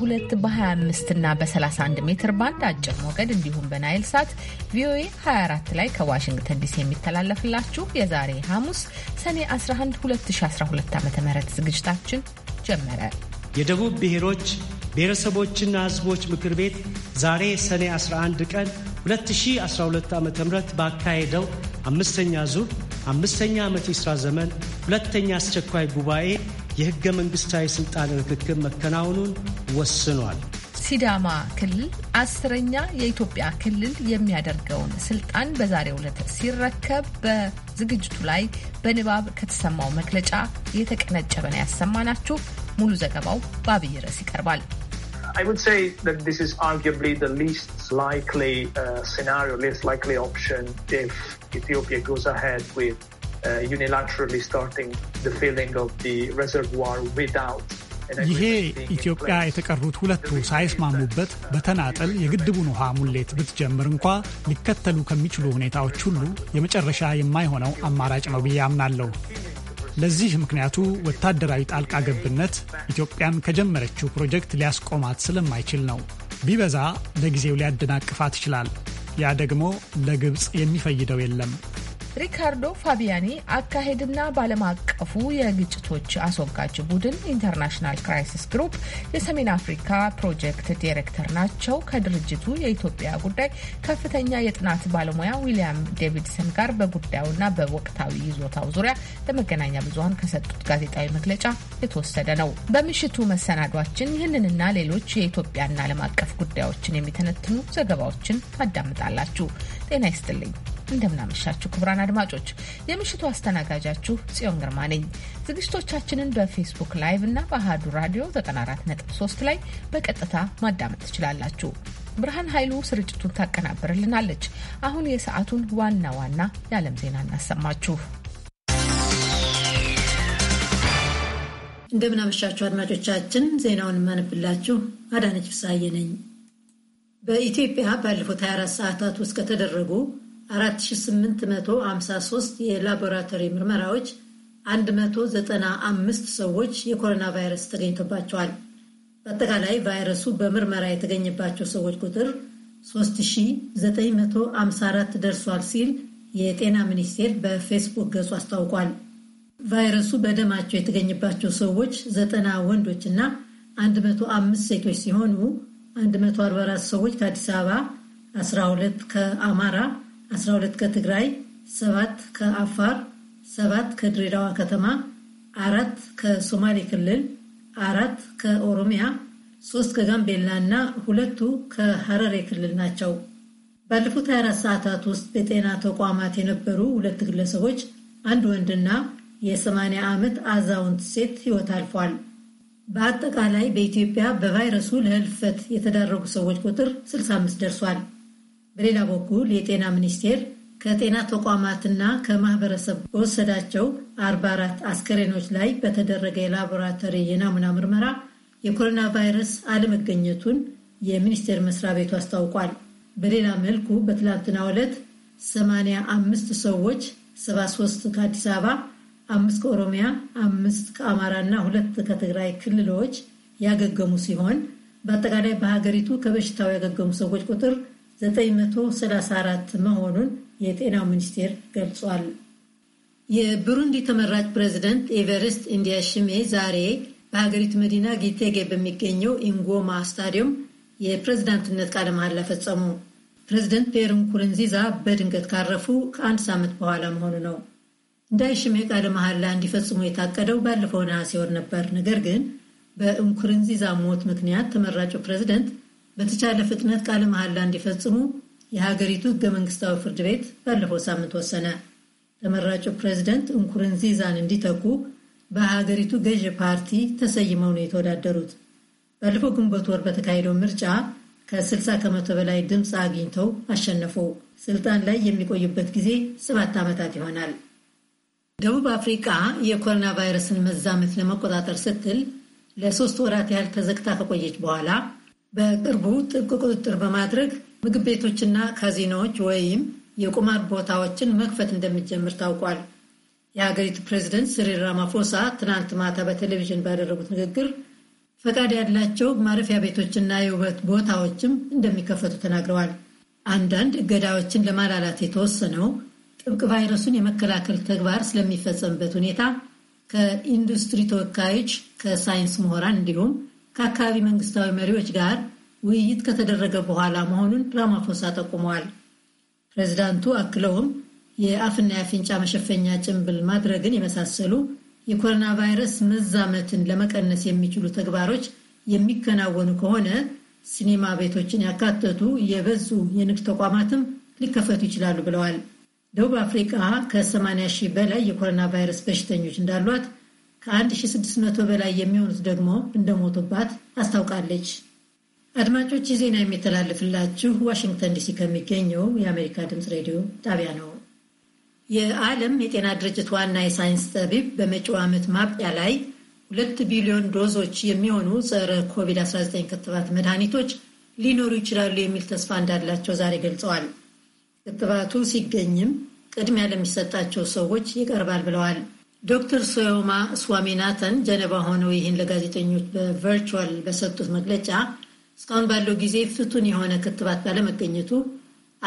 በ22 በ25 እና በ31 ሜትር ባንድ አጭር ሞገድ እንዲሁም በናይል ሳት ቪኦኤ 24 ላይ ከዋሽንግተን ዲሲ የሚተላለፍላችሁ የዛሬ ሐሙስ ሰኔ 11 2012 ዓ ም ዝግጅታችን ጀመረ። የደቡብ ብሔሮች ብሔረሰቦችና ሕዝቦች ምክር ቤት ዛሬ ሰኔ 11 ቀን 2012 ዓ ም ባካሄደው አምስተኛ ዙር አምስተኛ ዓመት የሥራ ዘመን ሁለተኛ አስቸኳይ ጉባኤ የህገ መንግስታዊ ስልጣን ርክክብ መከናወኑን ወስኗል። ሲዳማ ክልል አስረኛ የኢትዮጵያ ክልል የሚያደርገውን ስልጣን በዛሬው ዕለት ሲረከብ በዝግጅቱ ላይ በንባብ ከተሰማው መግለጫ የተቀነጨበ ነው ያሰማናችሁ። ሙሉ ዘገባው በአብይ ርዕስ ይቀርባል። ኢትዮጵያ Uh, ይሄ ኢትዮጵያ የተቀሩት ሁለቱ ሳይስማሙበት በተናጠል የግድቡን ውሃ ሙሌት ብትጀምር እንኳ ሊከተሉ ከሚችሉ ሁኔታዎች ሁሉ የመጨረሻ የማይሆነው አማራጭ ነው ብዬ አምናለሁ። ለዚህ ምክንያቱ ወታደራዊ ጣልቃ ገብነት ኢትዮጵያን ከጀመረችው ፕሮጀክት ሊያስቆማት ስለማይችል ነው። ቢበዛ ለጊዜው ሊያደናቅፋት ይችላል። ያ ደግሞ ለግብፅ የሚፈይደው የለም። ሪካርዶ ፋቢያኒ አካሄድና በዓለም አቀፉ የግጭቶች አስወጋጅ ቡድን ኢንተርናሽናል ክራይሲስ ግሩፕ የሰሜን አፍሪካ ፕሮጀክት ዲሬክተር ናቸው። ከድርጅቱ የኢትዮጵያ ጉዳይ ከፍተኛ የጥናት ባለሙያ ዊሊያም ዴቪድሰን ጋር በጉዳዩና በወቅታዊ ይዞታው ዙሪያ ለመገናኛ ብዙኃን ከሰጡት ጋዜጣዊ መግለጫ የተወሰደ ነው። በምሽቱ መሰናዷችን ይህንንና ሌሎች የኢትዮጵያና ዓለም አቀፍ ጉዳዮችን የሚተነትኑ ዘገባዎችን ታዳምጣላችሁ። ጤና ይስጥልኝ። እንደምናመሻችሁ ክቡራን አድማጮች፣ የምሽቱ አስተናጋጃችሁ ጽዮን ግርማ ነኝ። ዝግጅቶቻችንን በፌስቡክ ላይቭ እና በአህዱ ራዲዮ 94.3 ላይ በቀጥታ ማዳመጥ ትችላላችሁ። ብርሃን ኃይሉ ስርጭቱን ታቀናብርልናለች። አሁን የሰዓቱን ዋና ዋና የዓለም ዜና እናሰማችሁ። እንደምናመሻችሁ አድማጮቻችን፣ ዜናውን የማነብላችሁ አዳነች ፍስሐዬ ነኝ። በኢትዮጵያ ባለፉት 24 ሰዓታት ውስጥ ከተደረጉ 4853 የላቦራቶሪ ምርመራዎች 195 ሰዎች የኮሮና ቫይረስ ተገኝቶባቸዋል። በአጠቃላይ ቫይረሱ በምርመራ የተገኘባቸው ሰዎች ቁጥር 3954 ደርሷል ሲል የጤና ሚኒስቴር በፌስቡክ ገጹ አስታውቋል። ቫይረሱ በደማቸው የተገኘባቸው ሰዎች 90 ወንዶችና 105 ሴቶች ሲሆኑ 144 ሰዎች ከአዲስ አበባ፣ 12 ከአማራ፣ 12 ከትግራይ፣ ሰባት ከአፋር፣ ሰባት ከድሬዳዋ ከተማ፣ አራት ከሶማሌ ክልል፣ አራት ከኦሮሚያ፣ ሶስት ከጋምቤላ እና ሁለቱ ከሐረሬ ክልል ናቸው። ባለፉት 24 ሰዓታት ውስጥ በጤና ተቋማት የነበሩ ሁለት ግለሰቦች፣ አንድ ወንድና የ80 ዓመት አዛውንት ሴት ሕይወት አልፏል። በአጠቃላይ በኢትዮጵያ በቫይረሱ ለህልፈት የተዳረጉ ሰዎች ቁጥር 65 ደርሷል። በሌላ በኩል የጤና ሚኒስቴር ከጤና ተቋማትና ከማህበረሰብ በወሰዳቸው 44 አስከሬኖች ላይ በተደረገ የላቦራቶሪ የናሙና ምርመራ የኮሮና ቫይረስ አለመገኘቱን የሚኒስቴር መስሪያ ቤቱ አስታውቋል። በሌላ መልኩ በትላንትናው ዕለት 85 ሰዎች 73 ከአዲስ አበባ፣ አምስት ከኦሮሚያ፣ አምስት ከአማራ እና ሁለት ከትግራይ ክልሎች ያገገሙ ሲሆን በአጠቃላይ በሀገሪቱ ከበሽታው ያገገሙ ሰዎች ቁጥር 934 መሆኑን የጤናው ሚኒስቴር ገልጿል። የብሩንዲ ተመራጭ ፕሬዚደንት ኤቨርስት እንዲያሽሜ ዛሬ በሀገሪቱ መዲና ጊቴጌ በሚገኘው ኢንጎማ ስታዲየም የፕሬዝዳንትነት ቃለ መሐላ ፈጸሙ። ፕሬዚደንት ፔየር ንኩሩንዚዛ በድንገት ካረፉ ከአንድ ሳምንት በኋላ መሆኑ ነው። እንዳይሽሜ ቃለ መሐላ እንዲፈጽሙ የታቀደው ባለፈው ነሐሴ ወር ነበር። ነገር ግን በእንኩርንዚዛ ሞት ምክንያት ተመራጩ ፕሬዚደንት በተቻለ ፍጥነት ቃለ መሐላ እንዲፈጽሙ የሀገሪቱ ህገ መንግስታዊ ፍርድ ቤት ባለፈው ሳምንት ወሰነ። ተመራጩ ፕሬዚደንት እንኩርንዚዛን እንዲተኩ በሀገሪቱ ገዢ ፓርቲ ተሰይመው ነው የተወዳደሩት። ባለፈው ግንቦት ወር በተካሄደው ምርጫ ከ60 ከመቶ በላይ ድምፅ አግኝተው አሸነፉ። ስልጣን ላይ የሚቆዩበት ጊዜ ሰባት ዓመታት ይሆናል። ደቡብ አፍሪቃ የኮሮና ቫይረስን መዛመት ለመቆጣጠር ስትል ለሶስት ወራት ያህል ተዘግታ ከቆየች በኋላ በቅርቡ ጥብቅ ቁጥጥር በማድረግ ምግብ ቤቶችና ካዚኖዎች ወይም የቁማር ቦታዎችን መክፈት እንደሚጀምር ታውቋል። የሀገሪቱ ፕሬዚደንት ሲሪል ራማፎሳ ትናንት ማታ በቴሌቪዥን ባደረጉት ንግግር ፈቃድ ያላቸው ማረፊያ ቤቶችና የውበት ቦታዎችም እንደሚከፈቱ ተናግረዋል። አንዳንድ እገዳዎችን ለማላላት የተወሰነው ጥብቅ ቫይረሱን የመከላከል ተግባር ስለሚፈጸምበት ሁኔታ ከኢንዱስትሪ ተወካዮች፣ ከሳይንስ ምሁራን እንዲሁም ከአካባቢ መንግስታዊ መሪዎች ጋር ውይይት ከተደረገ በኋላ መሆኑን ራማፎሳ ጠቁመዋል። ፕሬዚዳንቱ አክለውም የአፍና የአፍንጫ መሸፈኛ ጭንብል ማድረግን የመሳሰሉ የኮሮና ቫይረስ መዛመትን ለመቀነስ የሚችሉ ተግባሮች የሚከናወኑ ከሆነ ሲኔማ ቤቶችን ያካተቱ የበዙ የንግድ ተቋማትም ሊከፈቱ ይችላሉ ብለዋል። ደቡብ አፍሪቃ ከ80 ሺህ በላይ የኮሮና ቫይረስ በሽተኞች እንዳሏት ከ መቶ በላይ የሚሆኑት ደግሞ እንደሞቱባት አስታውቃለች። አድማጮች ዜና የሚተላለፍላችሁ ዋሽንግተን ዲሲ ከሚገኘው የአሜሪካ ድምፅ ሬዲዮ ጣቢያ ነው። የዓለም የጤና ድርጅት ዋና የሳይንስ ጠቢብ በመጪው ዓመት ማብቂያ ላይ ሁለት ቢሊዮን ዶዞች የሚሆኑ ጸረ ኮቪድ-19 ክትባት መድኃኒቶች ሊኖሩ ይችላሉ የሚል ተስፋ እንዳላቸው ዛሬ ገልጸዋል። ክትባቱ ሲገኝም ቅድሚያ ለሚሰጣቸው ሰዎች ይቀርባል ብለዋል። ዶክተር ሶዮማ ስዋሚናተን ጀነባ ሆነው ይህን ለጋዜጠኞች በቨርቹዋል በሰጡት መግለጫ እስካሁን ባለው ጊዜ ፍቱን የሆነ ክትባት ባለመገኘቱ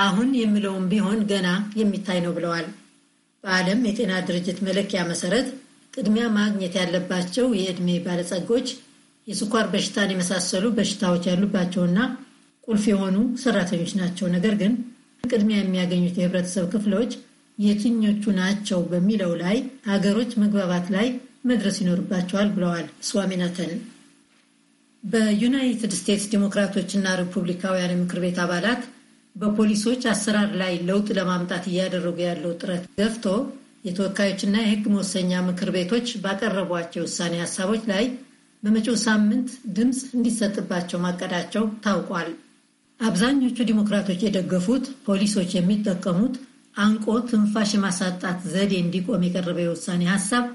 አሁን የምለውም ቢሆን ገና የሚታይ ነው ብለዋል። በዓለም የጤና ድርጅት መለኪያ መሰረት ቅድሚያ ማግኘት ያለባቸው የዕድሜ ባለጸጎች፣ የስኳር በሽታን የመሳሰሉ በሽታዎች ያሉባቸውና ቁልፍ የሆኑ ሰራተኞች ናቸው። ነገር ግን ቅድሚያ የሚያገኙት የህብረተሰብ ክፍሎች የትኞቹ ናቸው በሚለው ላይ አገሮች መግባባት ላይ መድረስ ይኖርባቸዋል ብለዋል ስዋሚናተን። በዩናይትድ ስቴትስ ዲሞክራቶችና ሪፑብሊካውያን የምክር ቤት አባላት በፖሊሶች አሰራር ላይ ለውጥ ለማምጣት እያደረጉ ያለው ጥረት ገፍቶ የተወካዮችና የሕግ መወሰኛ ምክር ቤቶች ባቀረቧቸው ውሳኔ ሀሳቦች ላይ በመጪው ሳምንት ድምፅ እንዲሰጥባቸው ማቀዳቸው ታውቋል። አብዛኞቹ ዲሞክራቶች የደገፉት ፖሊሶች የሚጠቀሙት አንቆ ትንፋሽ የማሳጣት ዘዴ እንዲቆም የቀረበ የውሳኔ ሀሳብ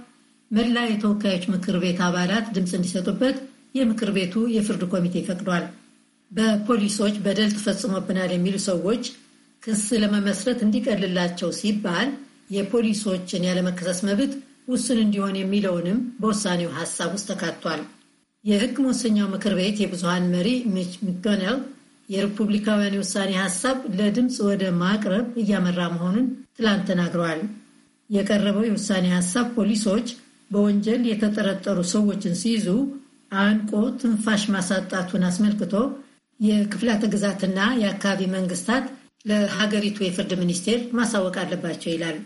መላ የተወካዮች ምክር ቤት አባላት ድምፅ እንዲሰጡበት የምክር ቤቱ የፍርድ ኮሚቴ ፈቅዷል። በፖሊሶች በደል ተፈጽሞብናል የሚሉ ሰዎች ክስ ለመመስረት እንዲቀልላቸው ሲባል የፖሊሶችን ያለመከሰስ መብት ውስን እንዲሆን የሚለውንም በውሳኔው ሀሳብ ውስጥ ተካቷል። የሕግ መወሰኛው ምክር ቤት የብዙሀን መሪ ሚች የሪፑብሊካውያን የውሳኔ ሀሳብ ለድምፅ ወደ ማቅረብ እያመራ መሆኑን ትላንት ተናግረዋል። የቀረበው የውሳኔ ሀሳብ ፖሊሶች በወንጀል የተጠረጠሩ ሰዎችን ሲይዙ አንቆ ትንፋሽ ማሳጣቱን አስመልክቶ የክፍላተ ግዛትና የአካባቢ መንግስታት ለሀገሪቱ የፍርድ ሚኒስቴር ማሳወቅ አለባቸው ይላል።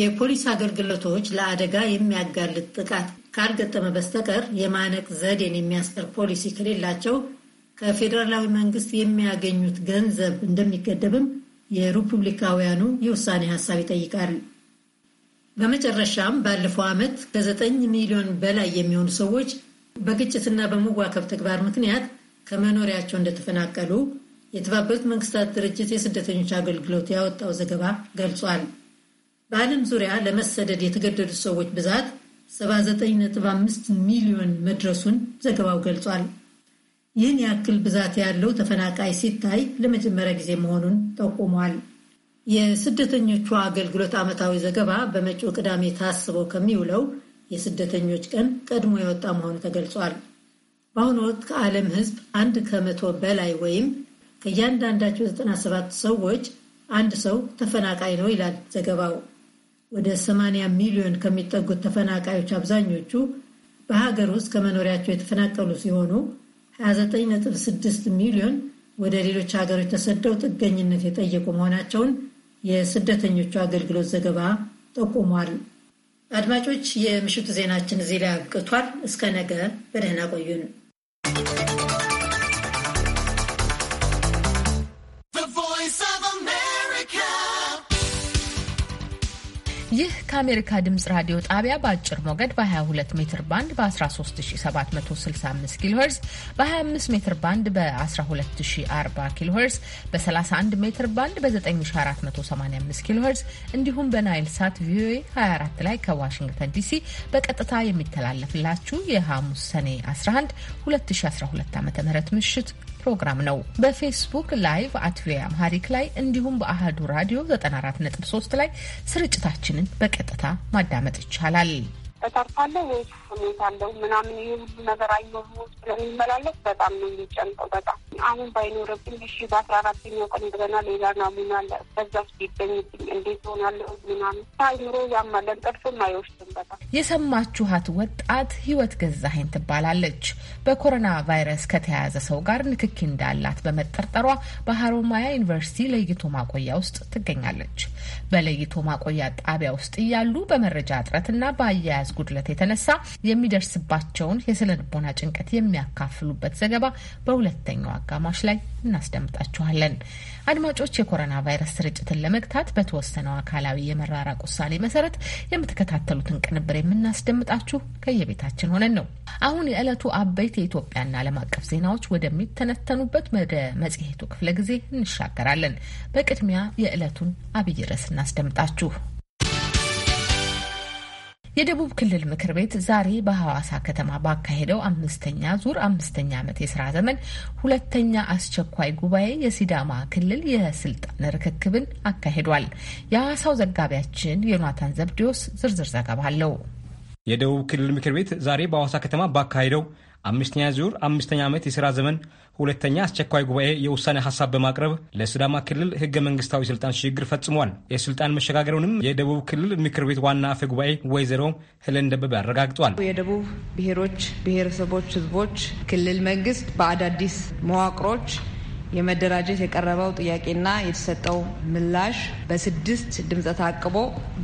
የፖሊስ አገልግሎቶች ለአደጋ የሚያጋልጥ ጥቃት ካልገጠመ በስተቀር የማነቅ ዘዴን የሚያስጠር ፖሊሲ ከሌላቸው ከፌዴራላዊ መንግስት የሚያገኙት ገንዘብ እንደሚገደብም የሪፑብሊካውያኑ የውሳኔ ሀሳብ ይጠይቃል። በመጨረሻም ባለፈው ዓመት ከዘጠኝ ሚሊዮን በላይ የሚሆኑ ሰዎች በግጭትና በመዋከብ ተግባር ምክንያት ከመኖሪያቸው እንደተፈናቀሉ የተባበሩት መንግስታት ድርጅት የስደተኞች አገልግሎት ያወጣው ዘገባ ገልጿል። በዓለም ዙሪያ ለመሰደድ የተገደዱ ሰዎች ብዛት 79.5 ሚሊዮን መድረሱን ዘገባው ገልጿል። ይህን ያክል ብዛት ያለው ተፈናቃይ ሲታይ ለመጀመሪያ ጊዜ መሆኑን ጠቁሟል። የስደተኞቹ አገልግሎት ዓመታዊ ዘገባ በመጪው ቅዳሜ ታስበ ከሚውለው የስደተኞች ቀን ቀድሞ የወጣ መሆኑ ተገልጿል። በአሁኑ ወቅት ከዓለም ሕዝብ አንድ ከመቶ በላይ ወይም ከእያንዳንዳቸው 97 ሰዎች አንድ ሰው ተፈናቃይ ነው ይላል ዘገባው። ወደ 80 ሚሊዮን ከሚጠጉት ተፈናቃዮች አብዛኞቹ በሀገር ውስጥ ከመኖሪያቸው የተፈናቀሉ ሲሆኑ 29.6 ሚሊዮን ወደ ሌሎች ሀገሮች ተሰደው ጥገኝነት የጠየቁ መሆናቸውን የስደተኞቹ አገልግሎት ዘገባ ጠቁሟል። አድማጮች፣ የምሽቱ ዜናችን እዚህ ላይ አብቅቷል። እስከ ነገ በደህና ቆዩን። ይህ ከአሜሪካ ድምጽ ራዲዮ ጣቢያ በአጭር ሞገድ በ22 ሜትር ባንድ በ13765 ኪሎ ሄርዝ በ25 ሜትር ባንድ በ1240 ኪሎ ሄርዝ በ31 ሜትር ባንድ በ9485 ኪሎ ሄርዝ እንዲሁም በናይል ሳት ቪኦኤ 24 ላይ ከዋሽንግተን ዲሲ በቀጥታ የሚተላለፍላችሁ የሐሙስ ሰኔ 11 2012 ዓ ም ምሽት ፕሮግራም ነው። በፌስቡክ ላይቭ አት ቪኦኤ አምሃሪክ ላይ እንዲሁም በአህዱ ራዲዮ 94.3 ላይ ስርጭታችንን በቀጥታ ማዳመጥ ይቻላል። እተርፋለሁ ወይስ ሁኔታ አለው ምናምን ይህ ሁሉ ነገር አይኖሩ ስለሚመላለስ በጣም ነው የሚጨንቀው። በጣም አሁን ባይኖርብኝ እሺ፣ በአስራ አራተኛው ቀን እንደገና ሌላ ናሙና አለ በዛስ ቢገኝብኝ እንዴት ሆናለሁ ምናምን አይምሮ ያማለ እንቅልፍም አይወስድም። በጣም የሰማችኋት ወጣት ህይወት ገዛሀኝ ትባላለች። በኮሮና ቫይረስ ከተያያዘ ሰው ጋር ንክኪ እንዳላት በመጠርጠሯ በሀሮማያ ዩኒቨርሲቲ ለይቶ ማቆያ ውስጥ ትገኛለች። በለይቶ ማቆያ ጣቢያ ውስጥ እያሉ በመረጃ እጥረትና በአያያዝ ጉድለት የተነሳ የሚደርስባቸውን የስነ ልቦና ጭንቀት የሚያካፍሉበት ዘገባ በሁለተኛው አጋማሽ ላይ እናስደምጣችኋለን። አድማጮች የኮሮና ቫይረስ ስርጭትን ለመግታት በተወሰነው አካላዊ የመራራቅ ውሳኔ መሰረት የምትከታተሉትን ቅንብር የምናስደምጣችሁ ከየቤታችን ሆነን ነው። አሁን የዕለቱ አበይት የኢትዮጵያና ዓለም አቀፍ ዜናዎች ወደሚተነተኑበት ወደ መጽሔቱ ክፍለ ጊዜ እንሻገራለን። በቅድሚያ የዕለቱን አብይ ርዕስ እናስደምጣችሁ። የደቡብ ክልል ምክር ቤት ዛሬ በሐዋሳ ከተማ ባካሄደው አምስተኛ ዙር አምስተኛ ዓመት የስራ ዘመን ሁለተኛ አስቸኳይ ጉባኤ የሲዳማ ክልል የስልጣን ርክክብን አካሂዷል። የሐዋሳው ዘጋቢያችን ዮናታን ዘብዲዎስ ዝርዝር ዘገባ አለው። የደቡብ ክልል ምክር ቤት ዛሬ በሐዋሳ ከተማ ባካሄደው አምስተኛ ዙር አምስተኛ ዓመት የሥራ ዘመን ሁለተኛ አስቸኳይ ጉባኤ የውሳኔ ሀሳብ በማቅረብ ለሲዳማ ክልል ሕገ መንግስታዊ ስልጣን ሽግግር ፈጽሟል። የስልጣን መሸጋገሩንም የደቡብ ክልል ምክር ቤት ዋና አፈ ጉባኤ ወይዘሮ ህለን ደበበ አረጋግጧል። የደቡብ ብሔሮች ብሔረሰቦች፣ ህዝቦች ክልል መንግስት በአዳዲስ መዋቅሮች የመደራጀት የቀረበው ጥያቄና የተሰጠው ምላሽ በስድስት ድምፀ ታቅቦ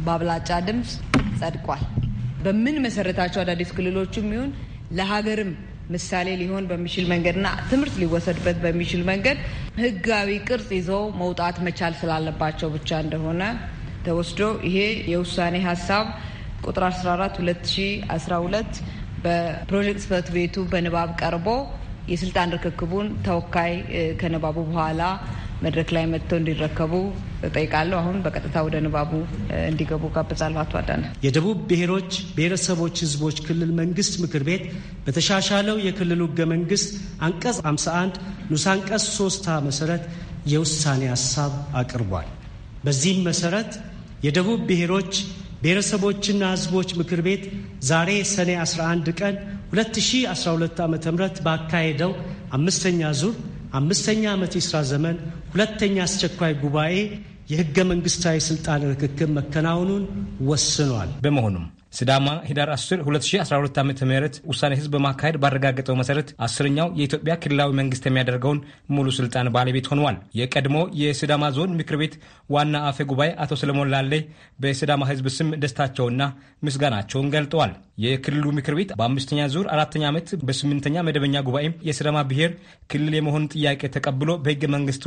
በአብላጫ ድምፅ ጸድቋል። በምን መሰረታቸው አዳዲስ ክልሎችም ይሁን ለሀገርም ምሳሌ ሊሆን በሚችል መንገድና ትምህርት ሊወሰድበት በሚችል መንገድ ህጋዊ ቅርጽ ይዘው መውጣት መቻል ስላለባቸው ብቻ እንደሆነ ተወስዶ ይሄ የውሳኔ ሀሳብ ቁጥር 14 2012 በፕሮጀክት ጽህፈት ቤቱ በንባብ ቀርቦ የስልጣን ርክክቡን ተወካይ ከንባቡ በኋላ መድረክ ላይ መጥተው እንዲረከቡ ጠይቃለሁ። አሁን በቀጥታ ወደ ንባቡ እንዲገቡ ጋብዛለሁ። አቶ አዳነ የደቡብ ብሔሮች ብሔረሰቦች ህዝቦች ክልል መንግስት ምክር ቤት በተሻሻለው የክልሉ ህገ መንግስት አንቀጽ 51 ንዑስ አንቀጽ 3 መሰረት የውሳኔ ሀሳብ አቅርቧል። በዚህም መሰረት የደቡብ ብሔሮች ብሔረሰቦችና ህዝቦች ምክር ቤት ዛሬ ሰኔ 11 ቀን 2012 ዓ ም ባካሄደው አምስተኛ ዙር አምስተኛ ዓመት የሥራ ዘመን ሁለተኛ አስቸኳይ ጉባኤ የህገ መንግስታዊ ስልጣን ርክክብ መከናወኑን ወስኗል። በመሆኑም ሲዳማ ህዳር 10 2012 ዓ ም ውሳኔ ህዝብ በማካሄድ ባረጋገጠው መሰረት አስረኛው የኢትዮጵያ ክልላዊ መንግስት የሚያደርገውን ሙሉ ስልጣን ባለቤት ሆኗል። የቀድሞ የሲዳማ ዞን ምክር ቤት ዋና አፈ ጉባኤ አቶ ሰለሞን ላሌ በሲዳማ ህዝብ ስም ደስታቸውና ምስጋናቸውን ገልጠዋል። የክልሉ ምክር ቤት በአምስተኛ ዙር አራተኛ ዓመት በስምንተኛ መደበኛ ጉባኤ የሲዳማ ብሔር ክልል የመሆን ጥያቄ ተቀብሎ በህገ መንግስቱ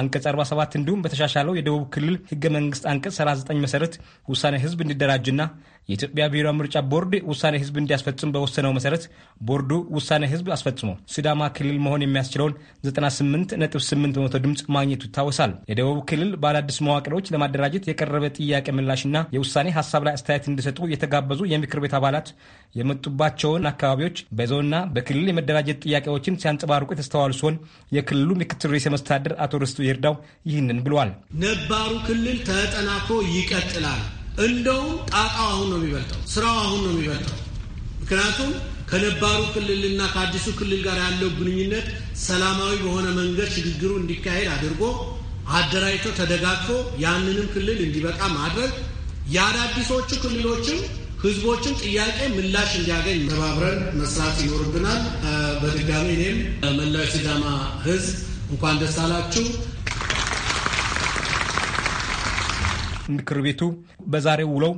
አንቀጽ 47 እንዲሁም በተሻሻለው የደቡብ ክልል ህገ መንግስት አንቀጽ 39 መሰረት ውሳኔ ህዝብ እንዲደራጅና የኢትዮጵያ ብሔራዊ ምርጫ ቦርድ ውሳኔ ህዝብ እንዲያስፈጽም በወሰነው መሰረት ቦርዱ ውሳኔ ህዝብ አስፈጽሞ ሲዳማ ክልል መሆን የሚያስችለውን 98.8 በመቶ ድምፅ ማግኘቱ ይታወሳል። የደቡብ ክልል ባለአዲስ መዋቅሮች ለማደራጀት የቀረበ ጥያቄ ምላሽና የውሳኔ ሀሳብ ላይ አስተያየት እንዲሰጡ የተጋበዙ የምክር ቤት አባላት የመጡባቸውን አካባቢዎች በዞንና በክልል የመደራጀት ጥያቄዎችን ሲያንጸባርቁ የተስተዋሉ ሲሆን የክልሉ ምክትል ርዕሰ መስተዳድር አቶ ርስቱ ይርዳው ይህንን ብሏል። ነባሩ ክልል ተጠናክሮ ይቀጥላል። እንደውም ጣጣው አሁን ነው የሚበልጠው፣ ስራው አሁን ነው የሚበልጠው። ምክንያቱም ከነባሩ ክልልና ከአዲሱ ክልል ጋር ያለው ግንኙነት ሰላማዊ በሆነ መንገድ ሽግግሩ እንዲካሄድ አድርጎ አደራጅቶ ተደጋግፎ ያንንም ክልል እንዲበቃ ማድረግ የአዳዲሶቹ ክልሎችም ህዝቦችን ጥያቄ ምላሽ እንዲያገኝ ተባብረን መስራት ይኖርብናል። በድጋሚ እኔም መላው ሲዳማ ህዝብ እንኳን ደስ አላችሁ። ምክር ቤቱ በዛሬው ውለው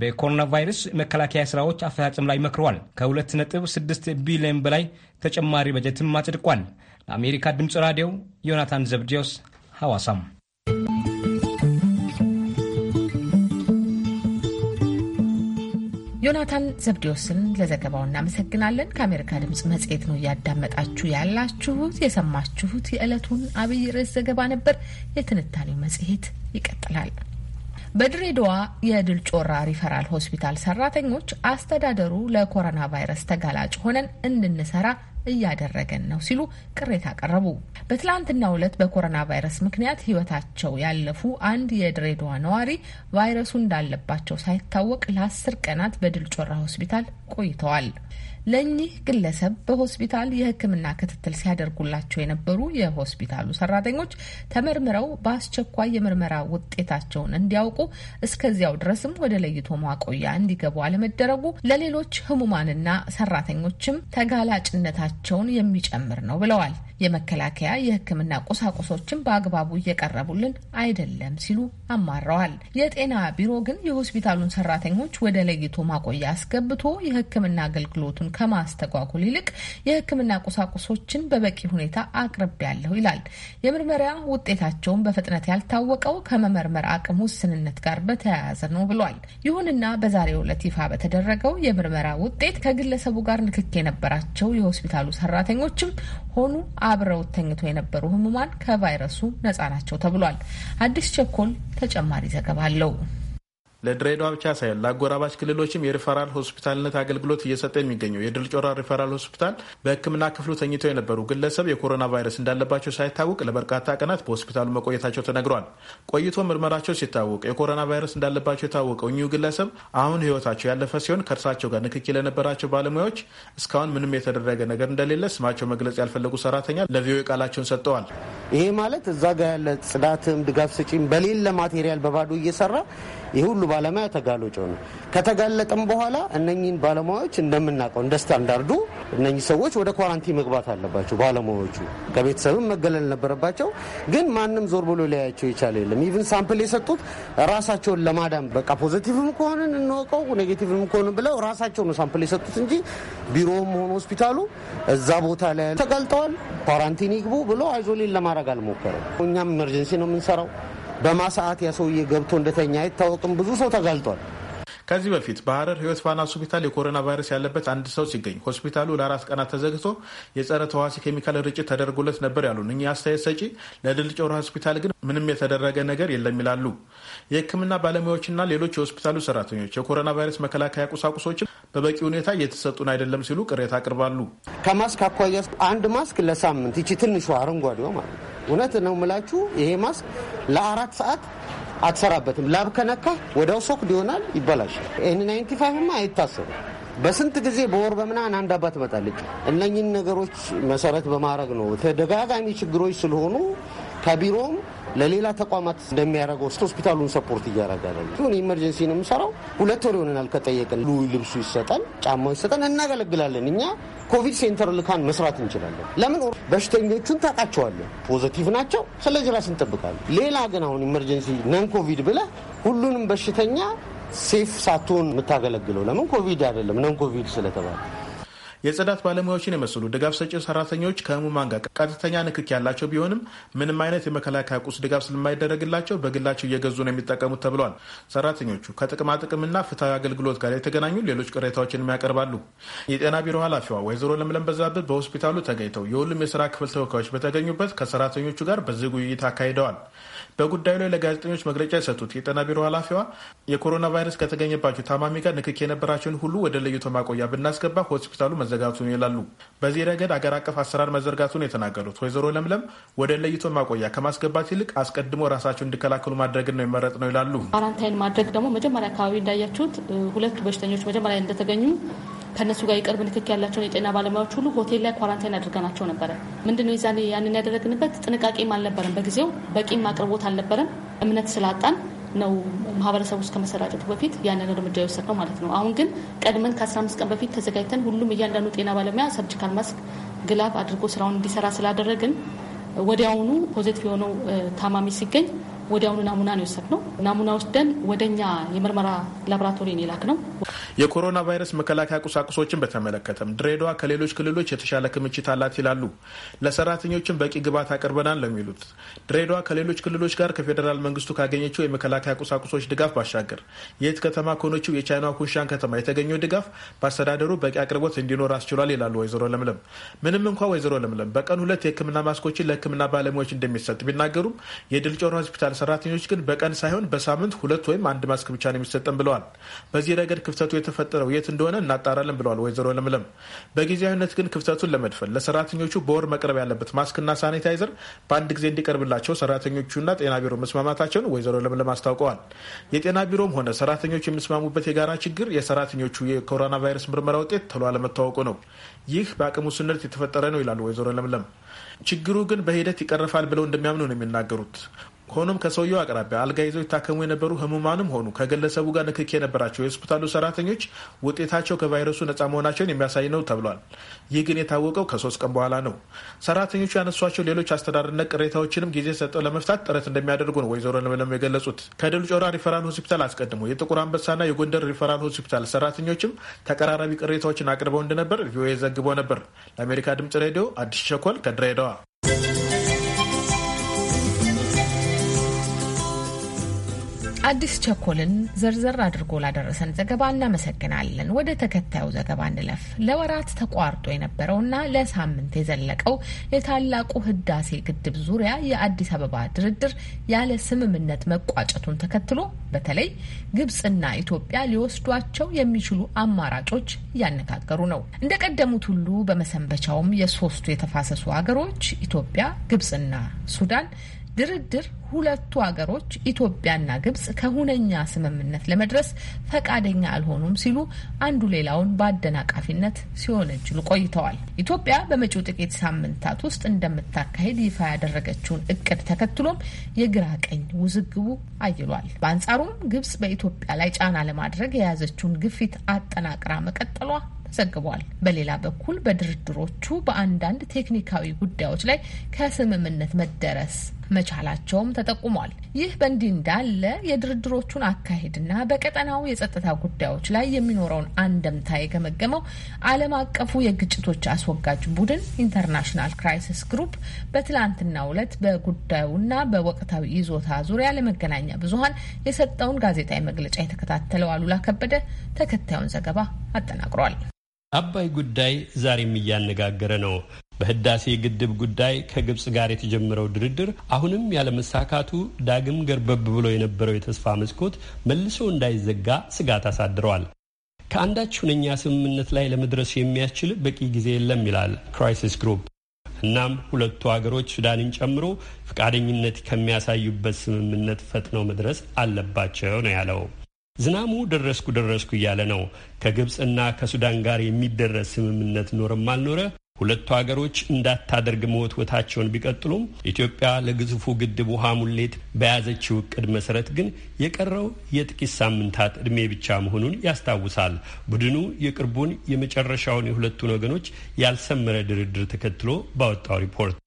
በኮሮና ቫይረስ መከላከያ ስራዎች አፈጻጸም ላይ መክረዋል። ከ2.6 ቢሊዮን በላይ ተጨማሪ በጀትም አጽድቋል። ለአሜሪካ ድምፅ ራዲዮ ዮናታን ዘብዲዮስ ሐዋሳም። ዮናታን ዘብዲዮስን ለዘገባው እናመሰግናለን። ከአሜሪካ ድምፅ መጽሔት ነው እያዳመጣችሁ ያላችሁት። የሰማችሁት የዕለቱን አብይ ርዕስ ዘገባ ነበር። የትንታኔው መጽሔት ይቀጥላል። በድሬዳዋ የድል ጮራ ሪፈራል ሆስፒታል ሰራተኞች አስተዳደሩ ለኮሮና ቫይረስ ተጋላጭ ሆነን እንድንሰራ እያደረገን ነው ሲሉ ቅሬታ አቀረቡ። በትላንትናው ዕለት በኮሮና ቫይረስ ምክንያት ሕይወታቸው ያለፉ አንድ የድሬዳዋ ነዋሪ ቫይረሱ እንዳለባቸው ሳይታወቅ ለአስር ቀናት በድል ጮራ ሆስፒታል ቆይተዋል። ለእኚህ ግለሰብ በሆስፒታል የሕክምና ክትትል ሲያደርጉላቸው የነበሩ የሆስፒታሉ ሰራተኞች ተመርምረው በአስቸኳይ የምርመራ ውጤታቸውን እንዲያውቁ እስከዚያው ድረስም ወደ ለይቶ ማቆያ እንዲገቡ አለመደረጉ ለሌሎች ህሙማንና ሰራተኞችም ተጋላጭነታቸውን የሚጨምር ነው ብለዋል። የመከላከያ የህክምና ቁሳቁሶችን በአግባቡ እየቀረቡልን አይደለም ሲሉ አማረዋል። የጤና ቢሮ ግን የሆስፒታሉን ሰራተኞች ወደ ለይቶ ማቆያ አስገብቶ የህክምና አገልግሎቱን ከማስተጓጉል ይልቅ የሕክምና ቁሳቁሶችን በበቂ ሁኔታ ያለሁ ይላል። የምርመራ ውጤታቸውን በፍጥነት ያልታወቀው ከመመርመር አቅም ውስንነት ጋር በተያያዘ ነው ብሏል። ይሁንና በዛሬው ዕለት ይፋ በተደረገው የምርመራ ውጤት ከግለሰቡ ጋር ንክክ የነበራቸው የሆስፒታሉ ሰራተኞችም ሆኑ አብረው ተኝቶ የነበሩ ህሙማን ከቫይረሱ ነጻ ናቸው ተብሏል። አዲስ ቸኮል ተጨማሪ ዘገባ አለው። ለድሬዳዋ ብቻ ሳይሆን ለአጎራባች ክልሎችም የሪፈራል ሆስፒታልነት አገልግሎት እየሰጠ የሚገኘው የድል ጮራ ሪፈራል ሆስፒታል በሕክምና ክፍሉ ተኝተው የነበሩ ግለሰብ የኮሮና ቫይረስ እንዳለባቸው ሳይታወቅ ለበርካታ ቀናት በሆስፒታሉ መቆየታቸው ተነግሯል። ቆይቶ ምርመራቸው ሲታወቅ የኮሮና ቫይረስ እንዳለባቸው የታወቀው እኚሁ ግለሰብ አሁን ህይወታቸው ያለፈ ሲሆን ከእርሳቸው ጋር ንክኪ ለነበራቸው ባለሙያዎች እስካሁን ምንም የተደረገ ነገር እንደሌለ ስማቸው መግለጽ ያልፈለጉ ሰራተኛ ለቪኦኤ ቃላቸውን ሰጥተዋል። ይሄ ማለት እዛ ጋር ያለ ጽዳትም ድጋፍ ሰጪም በሌለ ማቴሪያል በባዶ እየሰራ ይህ ሁሉ ባለሙያ ተጋሎጭ ነው። ከተጋለጠም በኋላ እነኚህን ባለሙያዎች እንደምናውቀው እንደ ስታንዳርዱ እነኚህ ሰዎች ወደ ኳራንቲን መግባት አለባቸው። ባለሙያዎቹ ከቤተሰብም መገለል ነበረባቸው። ግን ማንም ዞር ብሎ ሊያያቸው የቻለ የለም። ኢቭን ሳምፕል የሰጡት ራሳቸውን ለማዳም በቃ ፖዘቲቭም ከሆንን እንወቀው ኔጌቲቭም ከሆንን ብለው ራሳቸው ነው ሳምፕል የሰጡት እንጂ ቢሮውም ሆነ ሆስፒታሉ እዛ ቦታ ላይ ተጋልጠዋል፣ ኳራንቲን ይግቡ ብሎ አይዞሌን ለማድረግ አልሞከረም። እኛም ኢመርጀንሲ ነው የምንሰራው በማሰዓት ያ ሰውዬ ገብቶ እንደተኛ አይታወቅም። ብዙ ሰው ተጋልጧል። ከዚህ በፊት በሀረር ህይወት ፋና ሆስፒታል የኮሮና ቫይረስ ያለበት አንድ ሰው ሲገኝ ሆስፒታሉ ለአራት ቀናት ተዘግቶ የጸረ ተዋሲ ኬሚካል ርጭት ተደርጎለት ነበር ያሉ እኚህ አስተያየት ሰጪ ለድል ጮራ ሆስፒታል ግን ምንም የተደረገ ነገር የለም ይላሉ። የህክምና ባለሙያዎችና ሌሎች የሆስፒታሉ ሰራተኞች የኮሮና ቫይረስ መከላከያ ቁሳቁሶችን በበቂ ሁኔታ እየተሰጡን አይደለም ሲሉ ቅሬታ አቅርባሉ። ከማስክ አኳያ አንድ ማስክ ለሳምንት ይቺ ትንሿ አረንጓዴዋ ማለት እውነት ነው ምላችሁ ይሄ ማስክ ለአራት ሰዓት አትሰራበትም። ላብ ከነካ ወዲያው ሶክድ ይሆናል፣ ይበላሻል። ኤን ናይንቲ ፋይቭማ አይታሰብም። በስንት ጊዜ በወር በምናን አንድ አባት ትመጣለች። እነኝን ነገሮች መሰረት በማድረግ ነው ተደጋጋሚ ችግሮች ስለሆኑ ከቢሮም ለሌላ ተቋማት እንደሚያደርገው ውስጥ ሆስፒታሉን ሰፖርት እያደረገ ሆን ኢመርጀንሲ ነው የምሰራው። ሁለት ወር ይሆነናል ከጠየቅን ልብሱ ይሰጠን፣ ጫማው ይሰጠን፣ እናገለግላለን። እኛ ኮቪድ ሴንተር ልካን መስራት እንችላለን። ለምን በሽተኞቹን ታውቃቸዋለን፣ ፖዘቲቭ ናቸው። ስለዚህ ራስ እንጠብቃለን። ሌላ ግን አሁን ኢመርጀንሲ ነን ኮቪድ ብለ ሁሉንም በሽተኛ ሴፍ ሳትሆን የምታገለግለው ለምን ኮቪድ አይደለም ነን ኮቪድ ስለተባለ የጽዳት ባለሙያዎችን የመሰሉ ድጋፍ ሰጪ ሰራተኞች ከህሙማን ጋር ቀጥተኛ ንክክ ያላቸው ቢሆንም ምንም አይነት የመከላከያ ቁስ ድጋፍ ስለማይደረግላቸው በግላቸው እየገዙ ነው የሚጠቀሙት ተብሏል። ሰራተኞቹ ከጥቅማጥቅምና ፍትሐዊ አገልግሎት ጋር የተገናኙ ሌሎች ቅሬታዎችን ያቀርባሉ። የጤና ቢሮ ኃላፊዋ ወይዘሮ ለምለም በዛብህ በሆስፒታሉ ተገኝተው የሁሉም የስራ ክፍል ተወካዮች በተገኙበት ከሰራተኞቹ ጋር በዝግ ውይይት አካሂደዋል። በጉዳዩ ላይ ለጋዜጠኞች መግለጫ የሰጡት የጤና ቢሮ ኃላፊዋ የኮሮና ቫይረስ ከተገኘባቸው ታማሚ ጋር ንክክ የነበራቸውን ሁሉ ወደ ለይቶ ማቆያ ብናስገባ ሆስፒታሉ መዘጋቱን ይላሉ። በዚህ ረገድ አገር አቀፍ አሰራር መዘርጋቱን የተናገሩት ወይዘሮ ለምለም ወደ ለይቶ ማቆያ ከማስገባት ይልቅ አስቀድሞ ራሳቸው እንዲከላከሉ ማድረግን ነው የመረጥ ነው ይላሉ። ካራንታይን ማድረግ ደግሞ መጀመሪያ አካባቢ እንዳያችሁት ሁለቱ በሽተኞች መጀመሪያ እንደተገኙ ከእነሱ ጋር የቅርብ ንክክ ያላቸውን የጤና ባለሙያዎች ሁሉ ሆቴል ላይ ኳራንታይን አድርገናቸው ነበረ። ምንድነው የዛኔ ያንን ያደረግንበት ጥንቃቄም አልነበረም፣ በጊዜው በቂም አቅርቦት አልነበረም። እምነት ስላጣን ነው ማህበረሰቡ ውስጥ ከመሰራጨቱ በፊት ያንን እርምጃ የወሰድነው ማለት ነው። አሁን ግን ቀድመን ከ15 ቀን በፊት ተዘጋጅተን ሁሉም እያንዳንዱ ጤና ባለሙያ ሰርጂካል ማስክ፣ ግላብ አድርጎ ስራውን እንዲሰራ ስላደረግን ወዲያውኑ ፖዘቲቭ የሆነው ታማሚ ሲገኝ ወዲያውኑ ናሙና ነው የወሰድነው። ናሙና ወስደን ወደኛ የምርመራ ላቦራቶሪን የላክ ነው። የኮሮና ቫይረስ መከላከያ ቁሳቁሶችን በተመለከተም ድሬዳዋ ከሌሎች ክልሎች የተሻለ ክምችት አላት ይላሉ። ለሰራተኞችን በቂ ግብዓት አቅርበናል ለሚሉት ድሬዳዋ ከሌሎች ክልሎች ጋር ከፌዴራል መንግስቱ ካገኘችው የመከላከያ ቁሳቁሶች ድጋፍ ባሻገር የት ከተማ ከሆነችው የቻይና ኩንሻን ከተማ የተገኘው ድጋፍ በአስተዳደሩ በቂ አቅርቦት እንዲኖር አስችሏል ይላሉ ወይዘሮ ለምለም። ምንም እንኳ ወይዘሮ ለምለም በቀን ሁለት የህክምና ማስኮችን ለህክምና ባለሙያዎች እንደሚሰጥ ቢናገሩም የድል ጮራ ሆስፒታል ሰራተኞች ግን በቀን ሳይሆን በሳምንት ሁለት ወይም አንድ ማስክ ብቻ ነው የሚሰጠን ብለዋል። በዚህ ረገድ ክፍተቱ የተፈጠረው የት እንደሆነ እናጣራለን ብለዋል ወይዘሮ ለምለም። በጊዜያዊነት ግን ክፍተቱን ለመድፈን ለሰራተኞቹ በወር መቅረብ ያለበት ማስክና ሳኒታይዘር በአንድ ጊዜ እንዲቀርብላቸው ሰራተኞቹና ጤና ቢሮ መስማማታቸውን ወይዘሮ ለምለም አስታውቀዋል። የጤና ቢሮም ሆነ ሰራተኞች የሚስማሙበት የጋራ ችግር የሰራተኞቹ የኮሮና ቫይረስ ምርመራ ውጤት ተሎ አለመታወቁ ነው። ይህ በአቅም ውስንነት የተፈጠረ ነው ይላሉ ወይዘሮ ለምለም። ችግሩ ግን በሂደት ይቀረፋል ብለው እንደሚያምኑ ነው የሚናገሩት። ሆኖም ከሰውየው አቅራቢያ አልጋ ይዘው ይታከሙ የነበሩ ህሙማንም ሆኑ ከግለሰቡ ጋር ንክኪ የነበራቸው የሆስፒታሉ ሰራተኞች ውጤታቸው ከቫይረሱ ነፃ መሆናቸውን የሚያሳይ ነው ተብሏል። ይህ ግን የታወቀው ከሶስት ቀን በኋላ ነው። ሰራተኞቹ ያነሷቸው ሌሎች አስተዳደርነት ቅሬታዎችንም ጊዜ ሰጠው ለመፍታት ጥረት እንደሚያደርጉ ነው ወይዘሮ ለምለም የገለጹት። ከድል ጮራ ሪፈራል ሆስፒታል አስቀድሞ የጥቁር አንበሳና የጎንደር ሪፈራል ሆስፒታል ሰራተኞችም ተቀራራቢ ቅሬታዎችን አቅርበው እንደነበር ቪኦኤ ዘግቦ ነበር። ለአሜሪካ ድምጽ ሬዲዮ አዲስ ቸኮል ከድሬዳዋ አዲስ ቸኮልን ዘርዘር አድርጎ ላደረሰን ዘገባ እናመሰግናለን። ወደ ተከታዩ ዘገባ እንለፍ። ለወራት ተቋርጦ የነበረውና ለሳምንት የዘለቀው የታላቁ ህዳሴ ግድብ ዙሪያ የአዲስ አበባ ድርድር ያለ ስምምነት መቋጨቱን ተከትሎ በተለይ ግብጽና ኢትዮጵያ ሊወስዷቸው የሚችሉ አማራጮች እያነጋገሩ ነው። እንደ ቀደሙት ሁሉ በመሰንበቻውም የሶስቱ የተፋሰሱ ሀገሮች ኢትዮጵያ፣ ግብጽና ሱዳን ድርድር ሁለቱ አገሮች ኢትዮጵያና ግብጽ ከሁነኛ ስምምነት ለመድረስ ፈቃደኛ አልሆኑም ሲሉ አንዱ ሌላውን በአደናቃፊነት ሲወነጅሉ ቆይተዋል። ኢትዮጵያ በመጪው ጥቂት ሳምንታት ውስጥ እንደምታካሄድ ይፋ ያደረገችውን እቅድ ተከትሎም የግራ ቀኝ ውዝግቡ አይሏል። በአንጻሩም ግብጽ በኢትዮጵያ ላይ ጫና ለማድረግ የያዘችውን ግፊት አጠናቅራ መቀጠሏ ዘግቧል። በሌላ በኩል በድርድሮቹ በአንዳንድ ቴክኒካዊ ጉዳዮች ላይ ከስምምነት መደረስ መቻላቸውም ተጠቁሟል። ይህ በእንዲህ እንዳለ የድርድሮቹን አካሄድና በቀጠናው የጸጥታ ጉዳዮች ላይ የሚኖረውን አንደምታ የገመገመው ዓለም አቀፉ የግጭቶች አስወጋጅ ቡድን ኢንተርናሽናል ክራይሲስ ግሩፕ በትላንትናው ዕለት በጉዳዩና በወቅታዊ ይዞታ ዙሪያ ለመገናኛ ብዙኃን የሰጠውን ጋዜጣዊ መግለጫ የተከታተለው አሉላ ከበደ ተከታዩን ዘገባ አጠናቅሯል። አባይ ጉዳይ ዛሬም እያነጋገረ ነው። በህዳሴ ግድብ ጉዳይ ከግብጽ ጋር የተጀመረው ድርድር አሁንም ያለመሳካቱ ዳግም ገርበብ ብሎ የነበረው የተስፋ መስኮት መልሶ እንዳይዘጋ ስጋት አሳድረዋል። ከአንዳች ሁነኛ ስምምነት ላይ ለመድረስ የሚያስችል በቂ ጊዜ የለም ይላል ክራይሲስ ግሩፕ። እናም ሁለቱ ሀገሮች ሱዳንን ጨምሮ ፈቃደኝነት ከሚያሳዩበት ስምምነት ፈጥነው መድረስ አለባቸው ነው ያለው። ዝናሙ ደረስኩ ደረስኩ እያለ ነው። ከግብፅና ከሱዳን ጋር የሚደረስ ስምምነት ኖረም አልኖረ ሁለቱ ሀገሮች እንዳታደርግ መወትወታቸውን ቢቀጥሉም ኢትዮጵያ ለግዙፉ ግድብ ውሃ ሙሌት በያዘችው እቅድ መሰረት ግን የቀረው የጥቂት ሳምንታት እድሜ ብቻ መሆኑን ያስታውሳል። ቡድኑ የቅርቡን የመጨረሻውን የሁለቱን ወገኖች ያልሰመረ ድርድር ተከትሎ ባወጣው ሪፖርት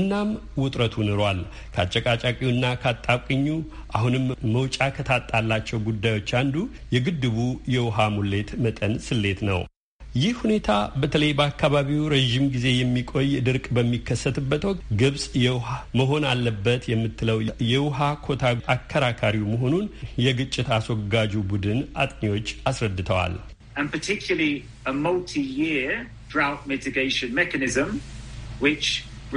እናም ውጥረቱ ንሯል። ከአጨቃጫቂውና ካጣቅኙ አሁንም መውጫ ከታጣላቸው ጉዳዮች አንዱ የግድቡ የውሃ ሙሌት መጠን ስሌት ነው። ይህ ሁኔታ በተለይ በአካባቢው ረዥም ጊዜ የሚቆይ ድርቅ በሚከሰትበት ወቅት ግብጽ የውሃ መሆን አለበት የምትለው የውሃ ኮታ አከራካሪው መሆኑን የግጭት አስወጋጁ ቡድን አጥኚዎች አስረድተዋል። which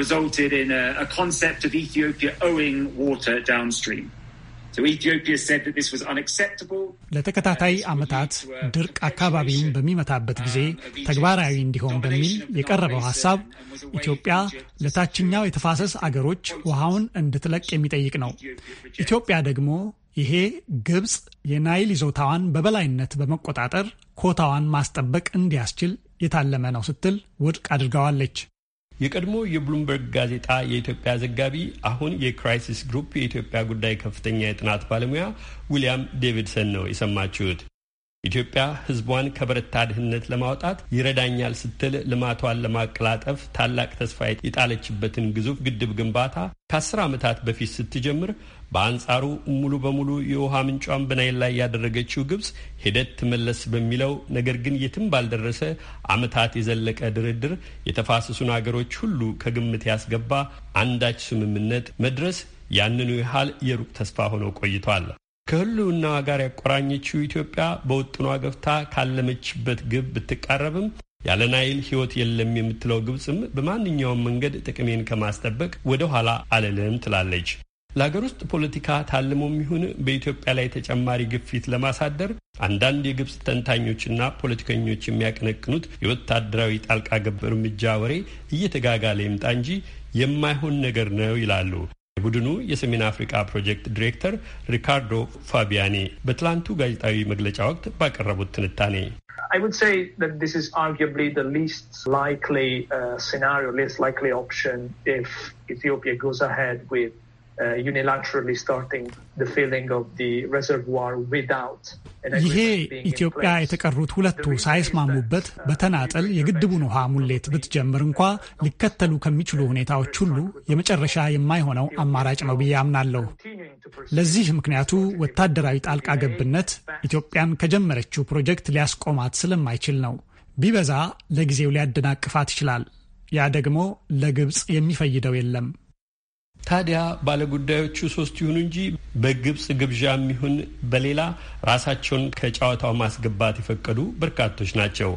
resulted in a, a concept of Ethiopia owing water downstream. ለተከታታይ ዓመታት uh, ድርቅ አካባቢውን በሚመታበት ጊዜ ተግባራዊ እንዲሆን በሚል የቀረበው ሐሳብ ኢትዮጵያ ለታችኛው የተፋሰስ አገሮች ውሃውን እንድትለቅ የሚጠይቅ ነው። ኢትዮጵያ ደግሞ ይሄ ግብፅ የናይል ይዞታዋን በበላይነት በመቆጣጠር ኮታዋን ማስጠበቅ እንዲያስችል የታለመ ነው ስትል ውድቅ አድርገዋለች። የቀድሞ የብሉምበርግ ጋዜጣ የኢትዮጵያ ዘጋቢ አሁን የክራይሲስ ግሩፕ የኢትዮጵያ ጉዳይ ከፍተኛ የጥናት ባለሙያ ዊልያም ዴቪድሰን ነው የሰማችሁት። ኢትዮጵያ ሕዝቧን ከበረታ ድህነት ለማውጣት ይረዳኛል ስትል ልማቷን ለማቀላጠፍ ታላቅ ተስፋ የጣለችበትን ግዙፍ ግድብ ግንባታ ከአስር ዓመታት በፊት ስትጀምር በአንጻሩ ሙሉ በሙሉ የውሃ ምንጯን በናይል ላይ ያደረገችው ግብጽ ሂደት ትመለስ በሚለው ነገር ግን የትም ባልደረሰ ዓመታት የዘለቀ ድርድር የተፋሰሱን አገሮች ሁሉ ከግምት ያስገባ አንዳች ስምምነት መድረስ ያንኑ ያህል የሩቅ ተስፋ ሆኖ ቆይቷል። ከህልውናዋ ጋር ያቆራኘችው ኢትዮጵያ በውጥኗ ገፍታ ካለመችበት ግብ ብትቃረብም ያለ ናይል ህይወት የለም የምትለው ግብፅም በማንኛውም መንገድ ጥቅሜን ከማስጠበቅ ወደ ኋላ አልልም ትላለች። ለሀገር ውስጥ ፖለቲካ ታልሞም ይሁን በኢትዮጵያ ላይ ተጨማሪ ግፊት ለማሳደር አንዳንድ የግብፅ ተንታኞችና ፖለቲከኞች የሚያቀነቅኑት የወታደራዊ ጣልቃ ገብ እርምጃ ወሬ እየተጋጋለ ይምጣ እንጂ የማይሆን ነገር ነው ይላሉ። የቡድኑ የሰሜን አፍሪካ ፕሮጀክት ዲሬክተር ሪካርዶ ፋቢያኒ በትላንቱ ጋዜጣዊ መግለጫ ወቅት ባቀረቡት ትንታኔ I would say that this is arguably the least likely uh, scenario, least likely option if Ethiopia goes ahead with Uh, ይሄ ኢትዮጵያ የተቀሩት ሁለቱ ሳይስማሙበት uh, በተናጠል የግድቡን ውሃ ሙሌት ብትጀምር እንኳ ሊከተሉ ከሚችሉ ሁኔታዎች ሁሉ የመጨረሻ የማይሆነው አማራጭ ነው ብዬ አምናለሁ። ለዚህ ምክንያቱ ወታደራዊ ጣልቃ ገብነት ኢትዮጵያን ከጀመረችው ፕሮጀክት ሊያስቆማት ስለማይችል ነው። ቢበዛ ለጊዜው ሊያደናቅፋት ይችላል። ያ ደግሞ ለግብፅ የሚፈይደው የለም። ታዲያ ባለጉዳዮቹ ሶስት ይሁኑ እንጂ በግብፅ ግብዣ የሚሆን በሌላ ራሳቸውን ከጨዋታው ማስገባት የፈቀዱ በርካቶች ናቸው።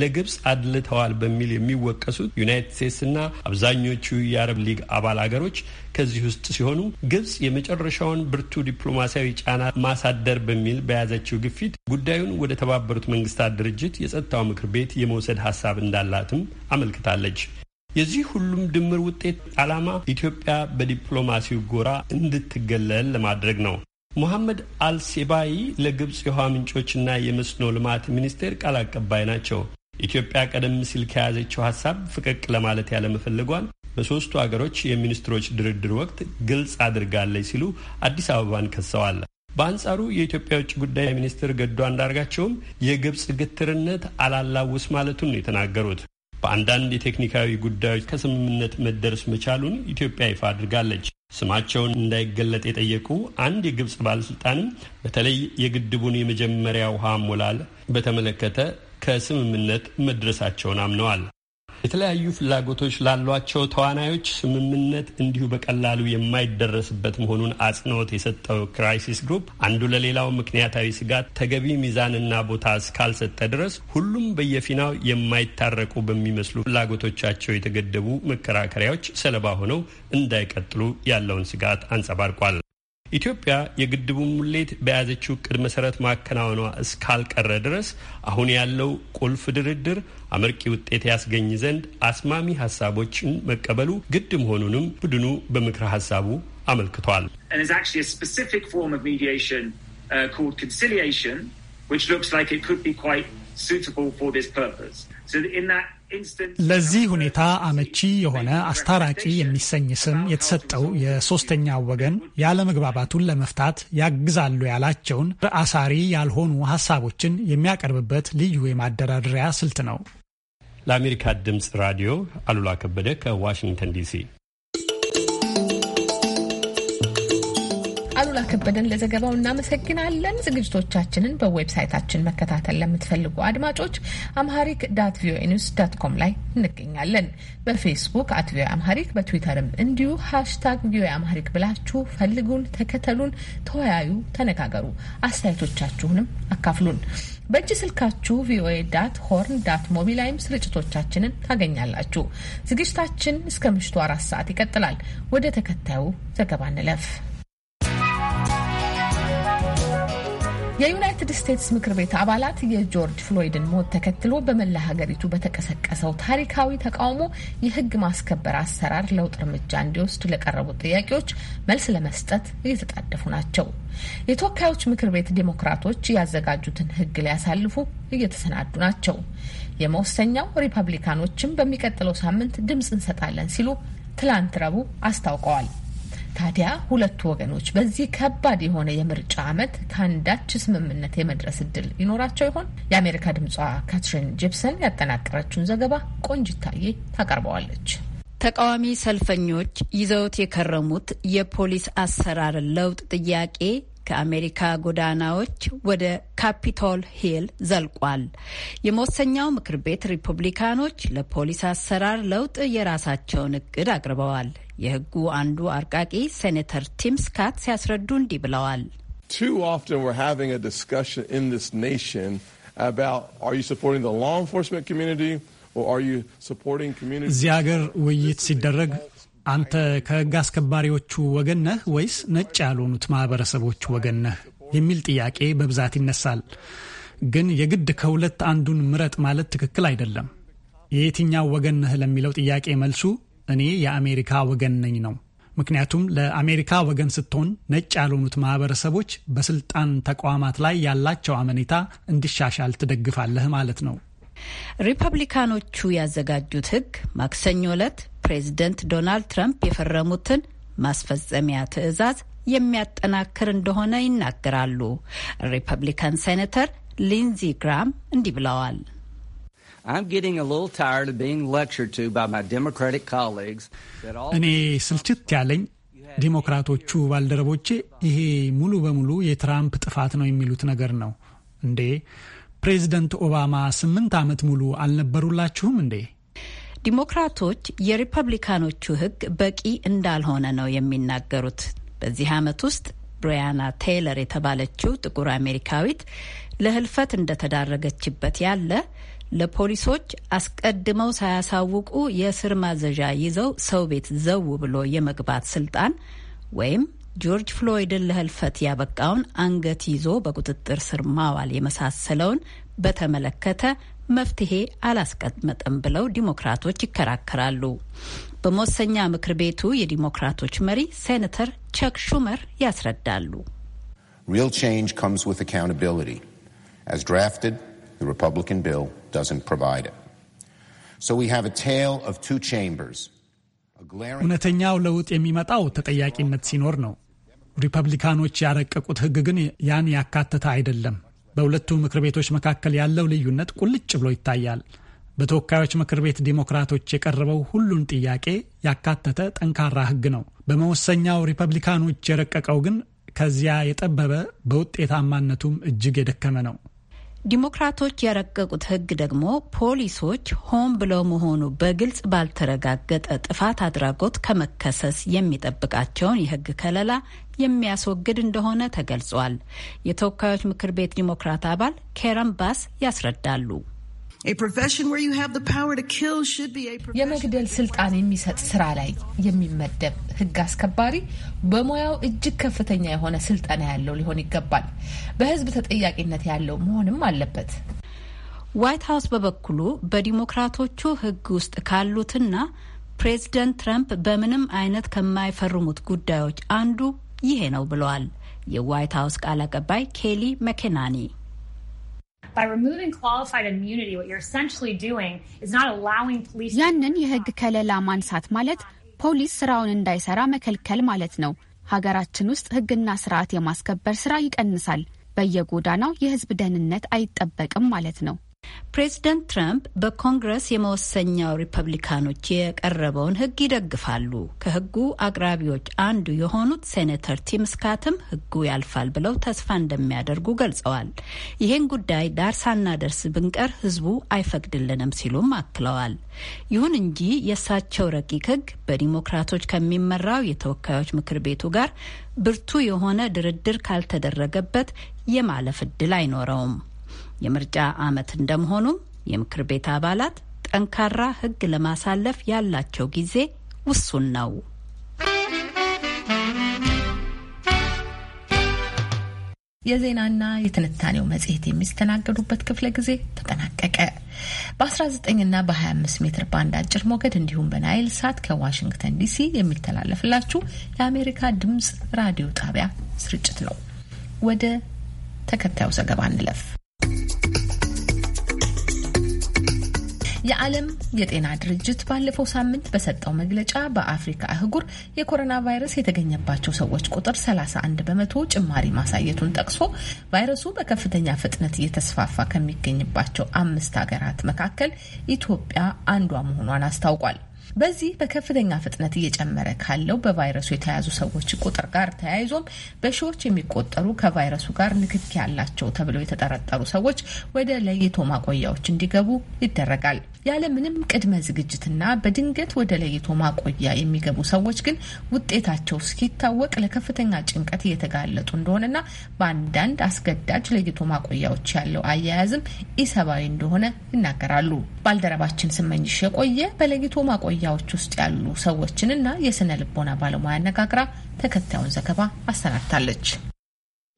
ለግብፅ አድልተዋል በሚል የሚወቀሱት ዩናይትድ ስቴትስና አብዛኞቹ የአረብ ሊግ አባል አገሮች ከዚህ ውስጥ ሲሆኑ ግብፅ የመጨረሻውን ብርቱ ዲፕሎማሲያዊ ጫና ማሳደር በሚል በያዘችው ግፊት ጉዳዩን ወደ ተባበሩት መንግስታት ድርጅት የጸጥታው ምክር ቤት የመውሰድ ሀሳብ እንዳላትም አመልክታለች። የዚህ ሁሉም ድምር ውጤት ዓላማ ኢትዮጵያ በዲፕሎማሲው ጎራ እንድትገለል ለማድረግ ነው። ሙሐመድ አልሴባይ ለግብፅ የውሃ ምንጮችና የመስኖ ልማት ሚኒስቴር ቃል አቀባይ ናቸው። ኢትዮጵያ ቀደም ሲል ከያዘችው ሀሳብ ፍቅቅ ለማለት ያለመፈለጓን በሦስቱ አገሮች የሚኒስትሮች ድርድር ወቅት ግልጽ አድርጋለች ሲሉ አዲስ አበባን ከሰዋል። በአንጻሩ የኢትዮጵያ የውጭ ጉዳይ ሚኒስትር ገዱ አንዳርጋቸውም የግብፅ ግትርነት አላላውስ ማለቱን የተናገሩት። በአንዳንድ የቴክኒካዊ ጉዳዮች ከስምምነት መደረስ መቻሉን ኢትዮጵያ ይፋ አድርጋለች። ስማቸውን እንዳይገለጥ የጠየቁ አንድ የግብፅ ባለስልጣንም በተለይ የግድቡን የመጀመሪያ ውሃ ሞላል በተመለከተ ከስምምነት መድረሳቸውን አምነዋል። የተለያዩ ፍላጎቶች ላሏቸው ተዋናዮች ስምምነት እንዲሁ በቀላሉ የማይደረስበት መሆኑን አጽንኦት የሰጠው ክራይሲስ ግሩፕ አንዱ ለሌላው ምክንያታዊ ስጋት ተገቢ ሚዛንና ቦታ እስካልሰጠ ድረስ ሁሉም በየፊናው የማይታረቁ በሚመስሉ ፍላጎቶቻቸው የተገደቡ መከራከሪያዎች ሰለባ ሆነው እንዳይቀጥሉ ያለውን ስጋት አንጸባርቋል። ኢትዮጵያ የግድቡን ሙሌት በያዘችው ቅድ መሰረት ማከናወኗ እስካልቀረ ድረስ አሁን ያለው ቁልፍ ድርድር አመርቂ ውጤት ያስገኝ ዘንድ አስማሚ ሀሳቦችን መቀበሉ ግድ መሆኑንም ቡድኑ በምክረ ሀሳቡ አመልክቷል። uh, ለዚህ ሁኔታ አመቺ የሆነ አስታራቂ የሚሰኝ ስም የተሰጠው የሶስተኛ ወገን ያለመግባባቱን ለመፍታት ያግዛሉ ያላቸውን አሳሪ ያልሆኑ ሀሳቦችን የሚያቀርብበት ልዩ የማደራደሪያ ስልት ነው። ለአሜሪካ ድምፅ ራዲዮ አሉላ ከበደ ከዋሽንግተን ዲሲ አሉላ ከበደን ለዘገባው እናመሰግናለን። ዝግጅቶቻችንን በዌብሳይታችን መከታተል ለምትፈልጉ አድማጮች አምሃሪክ ዳት ቪኦኤ ኒውስ ዳት ኮም ላይ እንገኛለን። በፌስቡክ አት ቪኦኤ አምሃሪክ፣ በትዊተርም እንዲሁ ሃሽታግ ቪኦኤ አምሃሪክ ብላችሁ ፈልጉን፣ ተከተሉን፣ ተወያዩ፣ ተነጋገሩ። አስተያየቶቻችሁንም አካፍሉን። በእጅ ስልካችሁ ቪኦኤ ዳት ሆርን ዳት ሞቢ ላይም ስርጭቶቻችንን ታገኛላችሁ። ዝግጅታችን እስከ ምሽቱ አራት ሰዓት ይቀጥላል። ወደ ተከታዩ ዘገባ እንለፍ። የዩናይትድ ስቴትስ ምክር ቤት አባላት የጆርጅ ፍሎይድን ሞት ተከትሎ በመላ ሀገሪቱ በተቀሰቀሰው ታሪካዊ ተቃውሞ የሕግ ማስከበር አሰራር ለውጥ እርምጃ እንዲወስድ ለቀረቡት ጥያቄዎች መልስ ለመስጠት እየተጣደፉ ናቸው። የተወካዮች ምክር ቤት ዴሞክራቶች ያዘጋጁትን ሕግ ሊያሳልፉ እየተሰናዱ ናቸው። የመወሰኛው ሪፐብሊካኖችም በሚቀጥለው ሳምንት ድምፅ እንሰጣለን ሲሉ ትላንት ረቡዕ አስታውቀዋል። ታዲያ ሁለቱ ወገኖች በዚህ ከባድ የሆነ የምርጫ ዓመት ከአንዳች ስምምነት የመድረስ እድል ይኖራቸው ይሆን? የአሜሪካ ድምጿ ካትሪን ጂፕሰን ያጠናቀረችውን ዘገባ ቆንጅታዬ ታቀርበዋለች። ተቃዋሚ ሰልፈኞች ይዘውት የከረሙት የፖሊስ አሰራር ለውጥ ጥያቄ ከአሜሪካ ጎዳናዎች ወደ ካፒቶል ሂል ዘልቋል። የመወሰኛው ምክር ቤት ሪፑብሊካኖች ለፖሊስ አሰራር ለውጥ የራሳቸውን እቅድ አቅርበዋል። የህጉ አንዱ አርቃቂ ሴኔተር ቲም ስካት ሲያስረዱ እንዲህ ብለዋል። እዚህ ሀገር ውይይት ሲደረግ አንተ ከህግ አስከባሪዎቹ ወገን ነህ ወይስ ነጭ ያልሆኑት ማህበረሰቦች ወገን ነህ የሚል ጥያቄ በብዛት ይነሳል። ግን የግድ ከሁለት አንዱን ምረጥ ማለት ትክክል አይደለም። የየትኛው ወገን ነህ ለሚለው ጥያቄ መልሱ እኔ የአሜሪካ ወገን ነኝ ነው። ምክንያቱም ለአሜሪካ ወገን ስትሆን ነጭ ያልሆኑት ማህበረሰቦች በስልጣን ተቋማት ላይ ያላቸው አመኔታ እንዲሻሻል ትደግፋለህ ማለት ነው። ሪፐብሊካኖቹ ያዘጋጁት ህግ ማክሰኞ ዕለት ፕሬዚደንት ዶናልድ ትራምፕ የፈረሙትን ማስፈጸሚያ ትዕዛዝ የሚያጠናክር እንደሆነ ይናገራሉ። ሪፐብሊካን ሴኔተር ሊንዚ ግራም እንዲህ ብለዋል። እኔ ስልችት ያለኝ ዲሞክራቶቹ ባልደረቦቼ ይሄ ሙሉ በሙሉ የትራምፕ ጥፋት ነው የሚሉት ነገር ነው። እንዴ ፕሬዚደንት ኦባማ ስምንት ዓመት ሙሉ አልነበሩላችሁም እንዴ? ዲሞክራቶች የሪፐብሊካኖቹ ህግ በቂ እንዳልሆነ ነው የሚናገሩት። በዚህ ዓመት ውስጥ ብሪያና ቴይለር የተባለችው ጥቁር አሜሪካዊት ለህልፈት እንደተዳረገችበት ያለ ለፖሊሶች አስቀድመው ሳያሳውቁ የስር ማዘዣ ይዘው ሰው ቤት ዘው ብሎ የመግባት ስልጣን ወይም ጆርጅ ፍሎይድን ለህልፈት ያበቃውን አንገት ይዞ በቁጥጥር ስር ማዋል የመሳሰለውን በተመለከተ መፍትሄ አላስቀመጠም ብለው ዲሞክራቶች ይከራከራሉ። በመወሰኛ ምክር ቤቱ የዲሞክራቶች መሪ ሴኔተር ቸክ ሹመር ያስረዳሉ። Real ቼንጅ comes with accountability. As drafted, the Republican bill doesn't provide it. So we have እውነተኛው ለውጥ የሚመጣው ተጠያቂነት ሲኖር ነው። ሪፐብሊካኖች ያረቀቁት ሕግ ግን ያን ያካተተ አይደለም። በሁለቱ ምክር ቤቶች መካከል ያለው ልዩነት ቁልጭ ብሎ ይታያል። በተወካዮች ምክር ቤት ዲሞክራቶች የቀረበው ሁሉን ጥያቄ ያካተተ ጠንካራ ሕግ ነው። በመወሰኛው ሪፐብሊካኖች የረቀቀው ግን ከዚያ የጠበበ በውጤታማነቱም እጅግ የደከመ ነው። ዲሞክራቶች ያረቀቁት ህግ ደግሞ ፖሊሶች ሆን ብለው መሆኑ በግልጽ ባልተረጋገጠ ጥፋት አድራጎት ከመከሰስ የሚጠብቃቸውን የህግ ከለላ የሚያስወግድ እንደሆነ ተገልጿል። የተወካዮች ምክር ቤት ዲሞክራት አባል ኬረን ባስ ያስረዳሉ። የመግደል ስልጣን የሚሰጥ ስራ ላይ የሚመደብ ህግ አስከባሪ በሙያው እጅግ ከፍተኛ የሆነ ስልጠና ያለው ሊሆን ይገባል። በህዝብ ተጠያቂነት ያለው መሆንም አለበት። ዋይት ሀውስ በበኩሉ በዲሞክራቶቹ ህግ ውስጥ ካሉትና ፕሬዚደንት ትራምፕ በምንም አይነት ከማይፈርሙት ጉዳዮች አንዱ ይሄ ነው ብለዋል። የዋይት ሀውስ ቃል አቀባይ ኬሊ መኬናኒ ያንን የህግ ከለላ ማንሳት ማለት ፖሊስ ስራውን እንዳይሰራ መከልከል ማለት ነው። ሀገራችን ውስጥ ህግና ስርዓት የማስከበር ስራ ይቀንሳል። በየጎዳናው የህዝብ ደህንነት አይጠበቅም ማለት ነው። ፕሬዝደንት ትራምፕ በኮንግረስ የመወሰኛው ሪፐብሊካኖች የቀረበውን ህግ ይደግፋሉ። ከህጉ አቅራቢዎች አንዱ የሆኑት ሴኔተር ቲም ስካትም ህጉ ያልፋል ብለው ተስፋ እንደሚያደርጉ ገልጸዋል። ይህን ጉዳይ ዳር ሳናደርስ ብንቀር ህዝቡ አይፈቅድልንም ሲሉም አክለዋል። ይሁን እንጂ የእሳቸው ረቂቅ ህግ በዲሞክራቶች ከሚመራው የተወካዮች ምክር ቤቱ ጋር ብርቱ የሆነ ድርድር ካልተደረገበት የማለፍ እድል አይኖረውም። የምርጫ ዓመት እንደመሆኑም የምክር ቤት አባላት ጠንካራ ሕግ ለማሳለፍ ያላቸው ጊዜ ውሱን ነው። የዜናና የትንታኔው መጽሔት የሚስተናገዱበት ክፍለ ጊዜ ተጠናቀቀ። በ19ና በ25 ሜትር ባንድ አጭር ሞገድ እንዲሁም በናይል ሳት ከዋሽንግተን ዲሲ የሚተላለፍላችሁ የአሜሪካ ድምፅ ራዲዮ ጣቢያ ስርጭት ነው። ወደ ተከታዩ ዘገባ እንለፍ። የዓለም የጤና ድርጅት ባለፈው ሳምንት በሰጠው መግለጫ በአፍሪካ አህጉር የኮሮና ቫይረስ የተገኘባቸው ሰዎች ቁጥር 31 በመቶ ጭማሪ ማሳየቱን ጠቅሶ ቫይረሱ በከፍተኛ ፍጥነት እየተስፋፋ ከሚገኝባቸው አምስት ሀገራት መካከል ኢትዮጵያ አንዷ መሆኗን አስታውቋል። በዚህ በከፍተኛ ፍጥነት እየጨመረ ካለው በቫይረሱ የተያዙ ሰዎች ቁጥር ጋር ተያይዞም በሺዎች የሚቆጠሩ ከቫይረሱ ጋር ንክኪ ያላቸው ተብለው የተጠረጠሩ ሰዎች ወደ ለይቶ ማቆያዎች እንዲገቡ ይደረጋል። ያለ ምንም ቅድመ ዝግጅትና በድንገት ወደ ለይቶ ማቆያ የሚገቡ ሰዎች ግን ውጤታቸው እስኪታወቅ ለከፍተኛ ጭንቀት እየተጋለጡ እንደሆነና በአንዳንድ አስገዳጅ ለይቶ ማቆያዎች ያለው አያያዝም ኢሰብአዊ እንደሆነ ይናገራሉ። ባልደረባችን ስመኝሽ የቆየ በለይቶ ማቆያዎች ውስጥ ያሉ ሰዎችንና የስነ ልቦና ባለሙያ አነጋግራ ተከታዩን ዘገባ አሰናድታለች።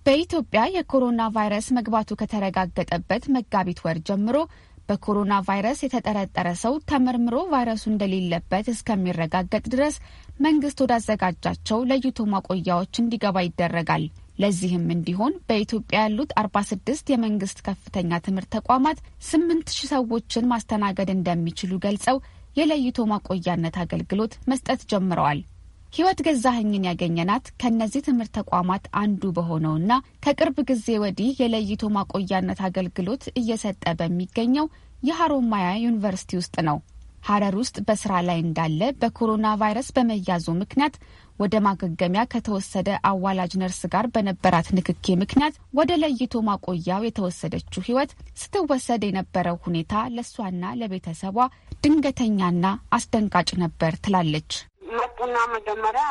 በኢትዮጵያ የኮሮና ቫይረስ መግባቱ ከተረጋገጠበት መጋቢት ወር ጀምሮ በኮሮና ቫይረስ የተጠረጠረ ሰው ተመርምሮ ቫይረሱ እንደሌለበት እስከሚረጋገጥ ድረስ መንግስት ወዳዘጋጃቸው ለይቶ ማቆያዎች እንዲገባ ይደረጋል። ለዚህም እንዲሆን በኢትዮጵያ ያሉት 46 የመንግስት ከፍተኛ ትምህርት ተቋማት 8000 ሰዎችን ማስተናገድ እንደሚችሉ ገልጸው የለይቶ ማቆያነት አገልግሎት መስጠት ጀምረዋል። ህይወት ገዛህኝን ያገኘናት ከእነዚህ ትምህርት ተቋማት አንዱ በሆነውና ከቅርብ ጊዜ ወዲህ የለይቶ ማቆያነት አገልግሎት እየሰጠ በሚገኘው የሀሮማያ ዩኒቨርሲቲ ውስጥ ነው። ሀረር ውስጥ በስራ ላይ እንዳለ በኮሮና ቫይረስ በመያዙ ምክንያት ወደ ማገገሚያ ከተወሰደ አዋላጅ ነርስ ጋር በነበራት ንክኬ ምክንያት ወደ ለይቶ ማቆያው የተወሰደችው ህይወት ስትወሰድ የነበረው ሁኔታ ለእሷና ለቤተሰቧ ድንገተኛና አስደንጋጭ ነበር ትላለች። ቡና መጀመሪያ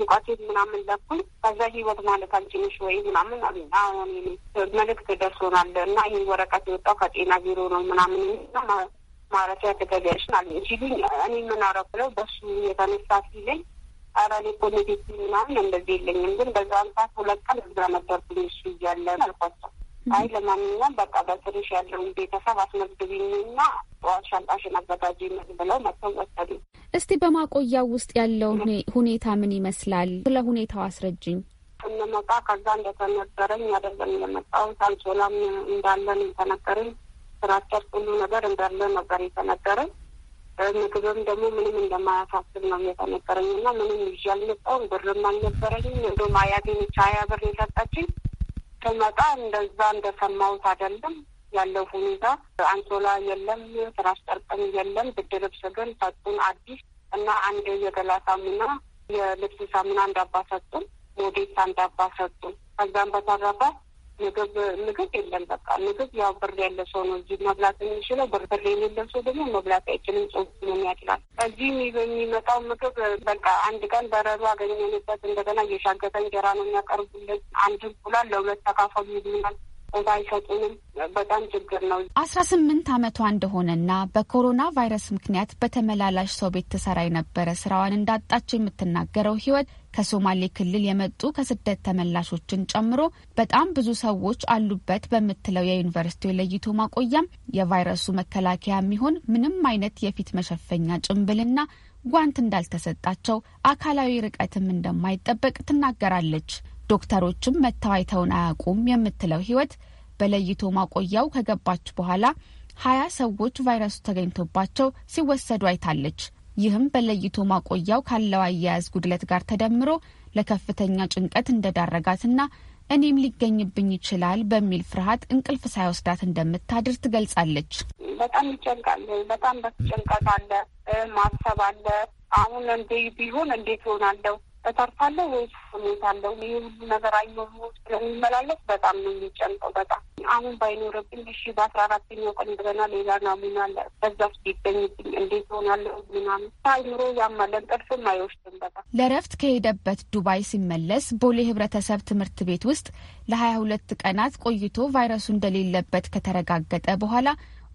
ሙቀቴን ምናምን ለኩኝ። ከዛ ህይወት ማለት አንቺ ነሽ ወይ ምናምን አሁን መልእክት ደርሶናል እና ይህ ወረቀት የወጣው ከጤና ቢሮ ነው ምናምን ማረፊያ ተገቢያሽን አለ ሲሉኝ እኔ ምን አረኩ ብለው በሱ የተነሳ ሲለኝ ኧረ እኔ ምናምን እንደዚህ የለኝም ግን በዛን ሰዓት ሁለት ቀን እዛ ነበርኩኝ እሱ እያለ አልኳቸው። አይ ለማንኛውም በቃ በስርሽ ያለውን ቤተሰብ አስመዝግቢኝና ጠዋት ሻንጣሽን አዘጋጅ ብለው መጥተው ወሰዱ። እስቲ በማቆያ ውስጥ ያለው ሁኔታ ምን ይመስላል? ስለ ሁኔታው አስረጅኝ። ስንመጣ ከዛ እንደተነገረኝ አይደለም የመጣው አንሶላም እንዳለን የተነገረኝ፣ ስራቸር ሁሉ ነገር እንዳለ ነበር የተነገረኝ። ምግብም ደግሞ ምንም እንደማያሳስብ ነው የተነገረኝ እና ምንም ይዤ አልመጣሁም። ብርም አልነበረኝ። እንደውም አያገኝ ቻያ ብር የሰጠችኝ ስመጣ እንደዛ እንደሰማሁት አይደለም ያለው ሁኔታ። አንሶላ የለም፣ ትራስ ጨርቅም የለም። ብድ ልብስ ግን ሰጡን አዲስ እና አንድ የገላ ሳሙና፣ የልብስ ሳሙና እንዳባ ሰጡን፣ ሞዴስ እንዳባ ሰጡን። ከዛም በተረፈ ምግብ ምግብ የለም። በቃ ምግብ ያው ብር ያለ ሰው ነው እዚህ መብላት የሚችለው። ብር ብር የሌለው ሰው ደግሞ መብላት አይችልም። ነው ያድላል። እዚህ የሚመጣው ምግብ በቃ አንድ ቀን በረሩ አገኘንበት። እንደገና እየሻገተ እንጀራ ነው የሚያቀርቡለት። አንድ እንቁላል ለሁለት ተካፈሉ ይሉናል። ባይሰጡንም በጣም ችግር ነው። አስራ ስምንት አመቷ እንደሆነና በኮሮና ቫይረስ ምክንያት በተመላላሽ ሰው ቤት ትሰራ የነበረ ስራዋን እንዳጣቸው የምትናገረው ህይወት ከሶማሌ ክልል የመጡ ከስደት ተመላሾችን ጨምሮ በጣም ብዙ ሰዎች አሉበት በምትለው የዩኒቨርሲቲው ለይቶ ማቆያም የቫይረሱ መከላከያ የሚሆን ምንም አይነት የፊት መሸፈኛ ጭንብልና ጓንት እንዳልተሰጣቸው አካላዊ ርቀትም እንደማይጠበቅ ትናገራለች። ዶክተሮችም መታይተውን አያውቁም የምትለው ህይወት በለይቶ ማቆያው ከገባች በኋላ ሀያ ሰዎች ቫይረሱ ተገኝቶባቸው ሲወሰዱ አይታለች። ይህም በለይቶ ማቆያው ካለው አያያዝ ጉድለት ጋር ተደምሮ ለከፍተኛ ጭንቀት እንደዳረጋትና እኔም ሊገኝብኝ ይችላል በሚል ፍርሃት እንቅልፍ ሳይወስዳት እንደምታድር ትገልጻለች። በጣም ይጨንቃል። በጣም በጭንቀት አለ፣ ማሰብ አለ። አሁን እንዴ ቢሆን እንዴት ሆናለሁ እተርፋለሁ ወይስ እሞታለሁ? ይህ ሁሉ ነገር አይኖርሞት ስለሚመላለስ በጣም ነው የሚጨንቀው። በጣም አሁን ባይኖርብኝ እሺ፣ በአስራ አራተኛው ቀን እንደገና ሌላ ናሙና አለ። በዛ ውስጥ ይገኝብኝ እንዴት ሆናለሁ? ምናምን አይምሮ ያማል፣ እንቅልፍም አይወስድም። በጣም ለረፍት ከሄደበት ዱባይ ሲመለስ ቦሌ ህብረተሰብ ትምህርት ቤት ውስጥ ለሀያ ሁለት ቀናት ቆይቶ ቫይረሱ እንደሌለበት ከተረጋገጠ በኋላ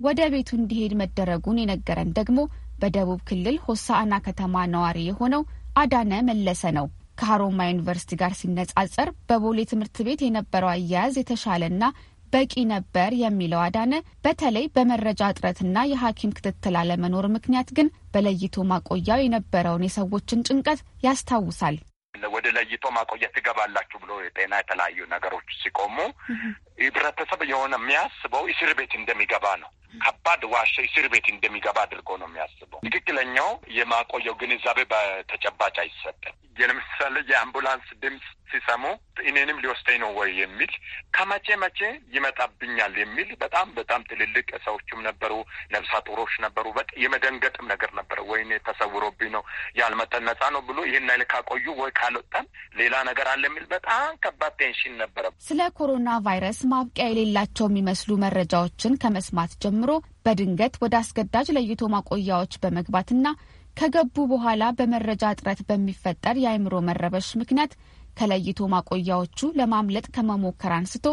ወደ ቤቱ እንዲሄድ መደረጉን የነገረን ደግሞ በደቡብ ክልል ሆሳአና ከተማ ነዋሪ የሆነው አዳነ መለሰ ነው። ከሀሮማ ዩኒቨርሲቲ ጋር ሲነጻጸር በቦሌ ትምህርት ቤት የነበረው አያያዝ የተሻለና በቂ ነበር የሚለው አዳነ በተለይ በመረጃ እጥረትና የሐኪም ክትትል አለመኖር ምክንያት ግን በለይቶ ማቆያው የነበረውን የሰዎችን ጭንቀት ያስታውሳል። ወደ ለይቶ ማቆያ ትገባላችሁ ብሎ የጤና የተለያዩ ነገሮች ሲቆሙ ህብረተሰብ የሆነ የሚያስበው እስር ቤት እንደሚገባ ነው። ከባድ ዋሻ እስር ቤት እንደሚገባ አድርጎ ነው የሚያስበው። ትክክለኛው የማቆየው ግንዛቤ በተጨባጭ አይሰጥም። ለምሳሌ የአምቡላንስ ድምፅ ሲሰሙ እኔንም ሊወስደኝ ነው ወይ የሚል ከመቼ መቼ ይመጣብኛል የሚል በጣም በጣም ትልልቅ ሰዎችም ነበሩ፣ ነብሰ ጡሮች ነበሩ። የመደንገጥም ነገር ነበረ። ወይኔ ተሰውሮብኝ ነው ያልመጠን ነጻ ነው ብሎ ይህን አይል ካቆዩ ወይ ካልወጣን ሌላ ነገር አለ የሚል በጣም ከባድ ቴንሽን ነበረ። ስለ ኮሮና ቫይረስ ማብቂያ የሌላቸው የሚመስሉ መረጃዎችን ከመስማት ጀምሮ በድንገት ወደ አስገዳጅ ለይቶ ማቆያዎች በመግባትና ከገቡ በኋላ በመረጃ እጥረት በሚፈጠር የአእምሮ መረበሽ ምክንያት ከለይቶ ማቆያዎቹ ለማምለጥ ከመሞከር አንስቶ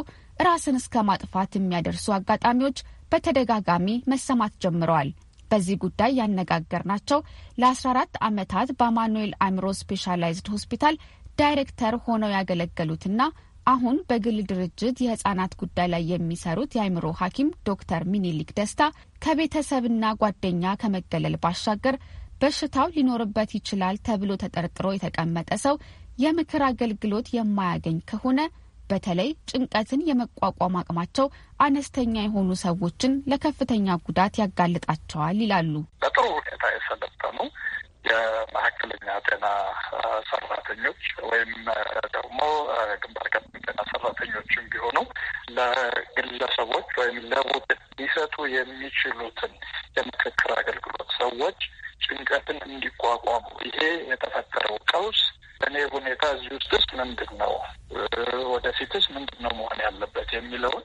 ራስን እስከ ማጥፋት የሚያደርሱ አጋጣሚዎች በተደጋጋሚ መሰማት ጀምረዋል። በዚህ ጉዳይ ያነጋገርናቸው ለ14 ዓመታት በአማኑኤል አይምሮ ስፔሻላይዝድ ሆስፒታል ዳይሬክተር ሆነው ያገለገሉትና አሁን በግል ድርጅት የህጻናት ጉዳይ ላይ የሚሰሩት የአይምሮ ሐኪም ዶክተር ሚኒሊክ ደስታ ከቤተሰብና ጓደኛ ከመገለል ባሻገር በሽታው ሊኖርበት ይችላል ተብሎ ተጠርጥሮ የተቀመጠ ሰው የምክር አገልግሎት የማያገኝ ከሆነ በተለይ ጭንቀትን የመቋቋም አቅማቸው አነስተኛ የሆኑ ሰዎችን ለከፍተኛ ጉዳት ያጋልጣቸዋል ይላሉ። በጥሩ ሁኔታ የሰለጠኑ የመካከለኛ ጤና ሰራተኞች ወይም ደግሞ ግንባር ቀደም ጤና ሰራተኞችም ቢሆኑ ለግለሰቦች ወይም ለቡድን ሊሰጡ የሚችሉትን የምክክር አገልግሎት ሰዎች ጭንቀትን እንዲቋቋሙ ይሄ የተፈጠረው ቀውስ እኔ ሁኔታ እዚህ ውስጥስ ምንድን ነው ወደፊትስ ምንድን ነው መሆን ያለበት የሚለውን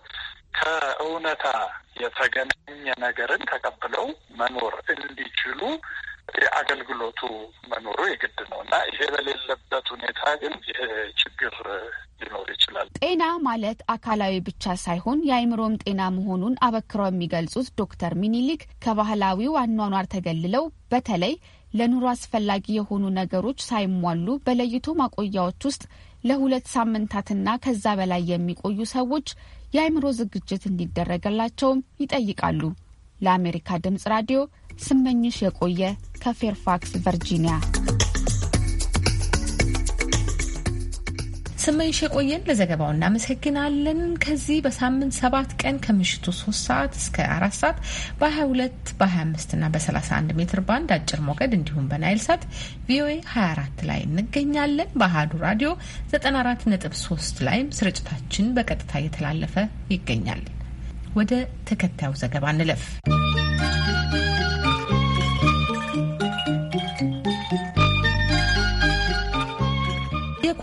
ከእውነታ የተገናኘ ነገርን ተቀብለው መኖር እንዲችሉ የአገልግሎቱ መኖሩ የግድ ነው እና ይሄ በሌለበት ሁኔታ ግን ችግር ሊኖር ይችላል። ጤና ማለት አካላዊ ብቻ ሳይሆን የአይምሮም ጤና መሆኑን አበክረው የሚገልጹት ዶክተር ሚኒሊክ ከባህላዊው አኗኗር ተገልለው በተለይ ለኑሮ አስፈላጊ የሆኑ ነገሮች ሳይሟሉ በለይቶ ማቆያዎች ውስጥ ለሁለት ሳምንታትና ከዛ በላይ የሚቆዩ ሰዎች የአእምሮ ዝግጅት እንዲደረገላቸውም ይጠይቃሉ። ለአሜሪካ ድምጽ ራዲዮ ስመኝሽ የቆየ ከፌርፋክስ ቨርጂኒያ። ስመኝሽ የቆየን ለዘገባው እናመሰግናለን። ከዚህ በሳምንት ሰባት ቀን ከምሽቱ ሶስት ሰዓት እስከ አራት ሰዓት በ22 በ25 እና በ31 ሜትር ባንድ አጭር ሞገድ እንዲሁም በናይል ሳት ቪኦኤ 24 ላይ እንገኛለን። በአሀዱ ራዲዮ 94.3 ላይም ስርጭታችን በቀጥታ እየተላለፈ ይገኛል። ወደ ተከታዩ ዘገባ እንለፍ።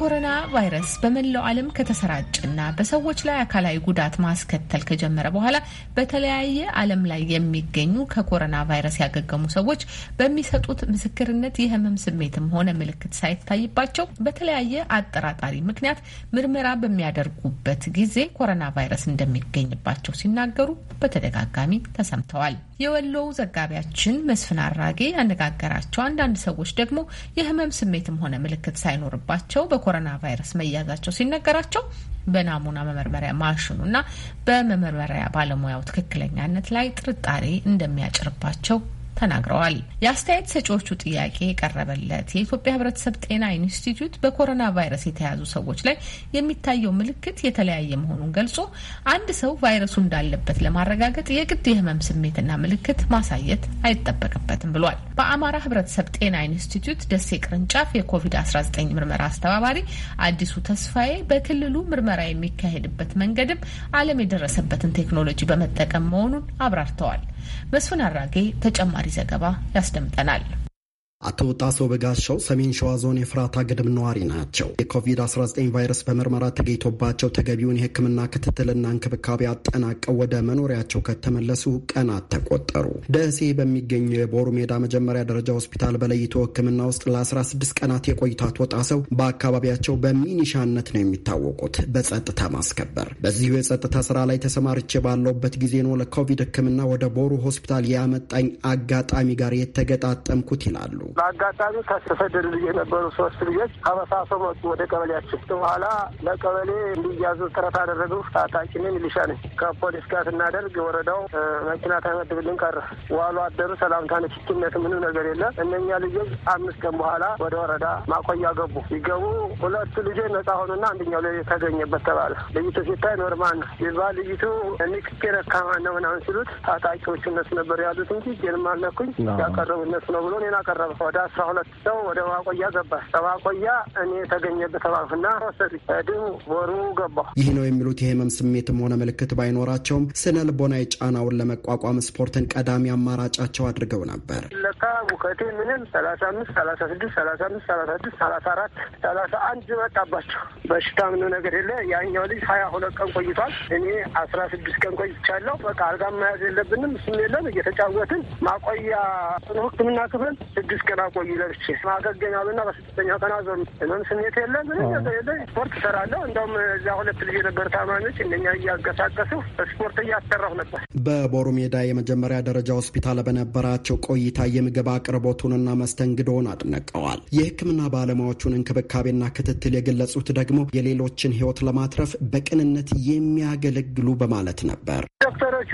የኮሮና ቫይረስ በመላው ዓለም ከተሰራጨና በሰዎች ላይ አካላዊ ጉዳት ማስከተል ከጀመረ በኋላ በተለያየ ዓለም ላይ የሚገኙ ከኮሮና ቫይረስ ያገገሙ ሰዎች በሚሰጡት ምስክርነት የህመም ስሜትም ሆነ ምልክት ሳይታይባቸው በተለያየ አጠራጣሪ ምክንያት ምርመራ በሚያደርጉበት ጊዜ ኮሮና ቫይረስ እንደሚገኝባቸው ሲናገሩ በተደጋጋሚ ተሰምተዋል። የወሎው ዘጋቢያችን መስፍን አራጌ ያነጋገራቸው አንዳንድ ሰዎች ደግሞ የህመም ስሜትም ሆነ ምልክት ሳይኖርባቸው በኮሮና ቫይረስ መያዛቸው ሲነገራቸው በናሙና መመርመሪያ ማሽኑና በመመርመሪያ ባለሙያው ትክክለኛነት ላይ ጥርጣሬ እንደሚያጭርባቸው ተናግረዋል። የአስተያየት ሰጪዎቹ ጥያቄ የቀረበለት የኢትዮጵያ ሕብረተሰብ ጤና ኢንስቲትዩት በኮሮና ቫይረስ የተያዙ ሰዎች ላይ የሚታየው ምልክት የተለያየ መሆኑን ገልጾ አንድ ሰው ቫይረሱ እንዳለበት ለማረጋገጥ የግድ የህመም ስሜትና ምልክት ማሳየት አይጠበቅበትም ብሏል። በአማራ ሕብረተሰብ ጤና ኢንስቲትዩት ደሴ ቅርንጫፍ የኮቪድ-19 ምርመራ አስተባባሪ አዲሱ ተስፋዬ በክልሉ ምርመራ የሚካሄድበት መንገድም ዓለም የደረሰበትን ቴክኖሎጂ በመጠቀም መሆኑን አብራርተዋል። መስፍን አራጌ ተጨማሪ ዘገባ ያስደምጠናል። አቶ ጣሰው በጋሻው ሰሜን ሸዋ ዞን የፍራታ ግድም ነዋሪ ናቸው። የኮቪድ-19 ቫይረስ በምርመራ ተገኝቶባቸው ተገቢውን የሕክምና ክትትልና እንክብካቤ አጠናቀው ወደ መኖሪያቸው ከተመለሱ ቀናት ተቆጠሩ። ደሴ በሚገኘው የቦሩ ሜዳ መጀመሪያ ደረጃ ሆስፒታል በለይቶ ሕክምና ውስጥ ለ16 ቀናት የቆዩት አቶ ጣሰው በአካባቢያቸው በሚኒሻነት ነው የሚታወቁት፣ በጸጥታ ማስከበር። በዚሁ የጸጥታ ስራ ላይ ተሰማርቼ ባለውበት ጊዜ ነው ለኮቪድ ሕክምና ወደ ቦሩ ሆስፒታል ያመጣኝ አጋጣሚ ጋር የተገጣጠምኩት ይላሉ። በአጋጣሚ ከተሰደዱ የነበሩ ሶስት ልጆች ከመሳሶ መጡ ወደ ቀበሌያችን። በኋላ ለቀበሌ እንዲያዙ ጥረት አደረገው። ታጣቂን ሚሊሻ ነኝ ከፖሊስ ጋር ስናደርግ ወረዳው መኪና ታይመድብልን ቀረ። ዋሉ አደሩ ሰላምታ ነችትነት ምንም ነገር የለ። እነኛ ልጆች አምስት ቀን በኋላ ወደ ወረዳ ማቆያ ገቡ። ሲገቡ ሁለቱ ልጆች ነጻ ሆኑና አንደኛው ላይ ተገኘበት ተባለ። ልጅቱ ሲታይ ኖርማል ነው ይባል ልጅቱ ንክኬ ረካማ ነው ምናምን ሲሉት ታጣቂዎች እነሱ ነበር ያሉት እንጂ ጀልማ አለኩኝ ያቀረቡ እነሱ ነው ብሎ እኔን አቀረበ። ወደ አስራ ሁለት ሰው ወደ ማቆያ ገባ። ከማቆያ እኔ የተገኘበት በተባፍና ወሰዱ ድሁ ወሩ ገባ። ይህ ነው የሚሉት የህመም ስሜትም ሆነ ምልክት ባይኖራቸውም ስነ ልቦናዊ ጫናውን ለመቋቋም ስፖርትን ቀዳሚ አማራጫቸው አድርገው ነበር። ለካ ሙከቴ ምንም ሰላሳ አምስት ሰላሳ ስድስት ሰላሳ አምስት ሰላሳ ስድስት ሰላሳ አራት ሰላሳ አንድ መጣባቸው። በሽታ ምንም ነገር የለ። ያኛው ልጅ ሀያ ሁለት ቀን ቆይቷል። እኔ አስራ ስድስት ቀን ቆይቻለሁ። በቃ አልጋ መያዝ የለብንም ስም የለም እየተጫወትን ማቆያ ጽኑ ህክምና ክፍል ስድስት አምስት ቀን አቆዩ ለብቼ ማገገኛሉ ና በስድስተኛው ቀን አዞር ምንም ስሜት የለ ምንም ነገር የለ። ስፖርት እሰራለሁ። እንደውም እዚያ ሁለት ልጅ የነበሩ ታማኞች እነኛ እያንቀሳቀሱ ስፖርት እያሰራሁ ነበር። በቦሩ ሜዳ የመጀመሪያ ደረጃ ሆስፒታል በነበራቸው ቆይታ የምግብ አቅርቦቱንና መስተንግዶውን አድነቀዋል። የህክምና ባለሙያዎቹን እንክብካቤና ክትትል የገለጹት ደግሞ የሌሎችን ህይወት ለማትረፍ በቅንነት የሚያገለግሉ በማለት ነበር። ዶክተሮቹ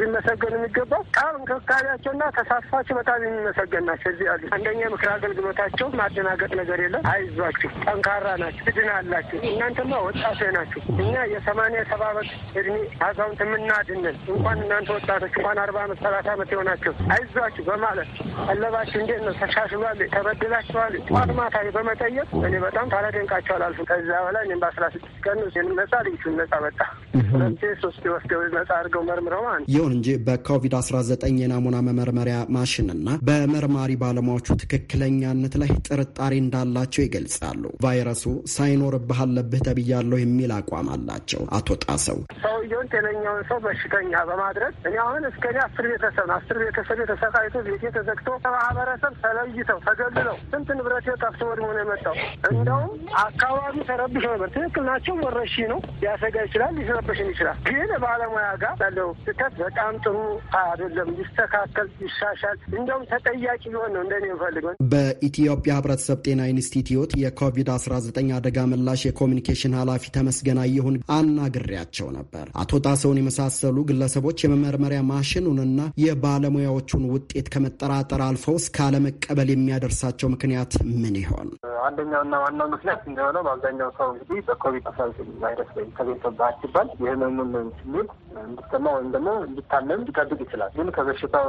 ሊመሰገኑ የሚገባው ቃል እንክብካቤያቸውና ተሳትፏቸው በጣም የሚመሰገን ናቸው። እዚህ ያሉ አንደኛ ምክር አገልግሎታቸው ማደናገጥ ነገር የለም። አይዟችሁ፣ ጠንካራ ናችሁ፣ እድን አላችሁ። እናንተማ ወጣቶች ናችሁ። እኛ የሰማንያ ሰባበት እድሜ አዛውንት የምናድንን እንኳን እናንተ ወጣቶች እንኳን አርባ አመት ሰላሳ አመት የሆናቸው አይዟችሁ በማለት ቀለባችሁ እንዴት ነው ተሻሽሏል፣ ተበድላችኋል፣ ጠዋት ማታ በመጠየቅ እኔ በጣም ታላደንቃቸው አላልፍም። ከዛ በኋላ እኔም በአስራ ስድስት ቀን ነጻ ልዩቹን ነጻ መጣ ሁለቴ ሶስት ወስደው ነጻ አድርገው መርምረው ማለት ይሁን እንጂ በኮቪድ አስራ ዘጠኝ የናሙና መመርመሪያ ማሽንና በመርማሪ ባለሙያ መረጃዎቹ ትክክለኛነት ላይ ጥርጣሬ እንዳላቸው ይገልጻሉ። ቫይረሱ ሳይኖርብህ አለብህ ተብያለሁ የሚል አቋም አላቸው። አቶ ጣሰው ሰውየውን ጤነኛውን ሰው በሽተኛ በማድረግ እኔ አሁን እስከ እኔ አስር ቤተሰብ አስር ቤተሰብ የተሰቃይቶ ቤቴ ተዘግቶ ከማህበረሰብ ተለይተው ተገልለው ስንት ንብረት ጠፍቶ ወድሞ ነው የመጣው። እንደውም አካባቢ ተረብሽ ነበር። ትክክል ናቸው። ወረሺ ነው ሊያሰጋ ይችላል፣ ሊሰረበሽን ይችላል። ግን ባለሙያ ጋር ያለው ስህተት በጣም ጥሩ አይደለም። ይስተካከል፣ ይሻሻል። እንደውም ተጠያቂ ቢሆን ነው እንደ የምፈልገው። በኢትዮጵያ ህብረተሰብ ጤና ኢንስቲትዩት የኮቪድ-19 አደጋ ምላሽ የኮሚኒኬሽን ኃላፊ ተመስገን አየሁን አናግሬያቸው ነበር። አቶ ጣሰውን የመሳሰሉ ግለሰቦች የመመርመሪያ ማሽኑንና የባለሙያዎቹን ውጤት ከመጠራጠር አልፈው እስከ አለመቀበል የሚያደርሳቸው ምክንያት ምን ይሆን? አንደኛውና ዋናው ምክንያት እንደሆነ በአብዛኛው ሰው እንግዲህ በኮቪድ አስራዘጠኝ ቫይረስ ወይም ከቤተሰባ ሲባል የህመሙን ስሜት እንዲሰማ ወይም ደግሞ እንዲታመም ሊጠብቅ ይችላል። ግን ከበሽታው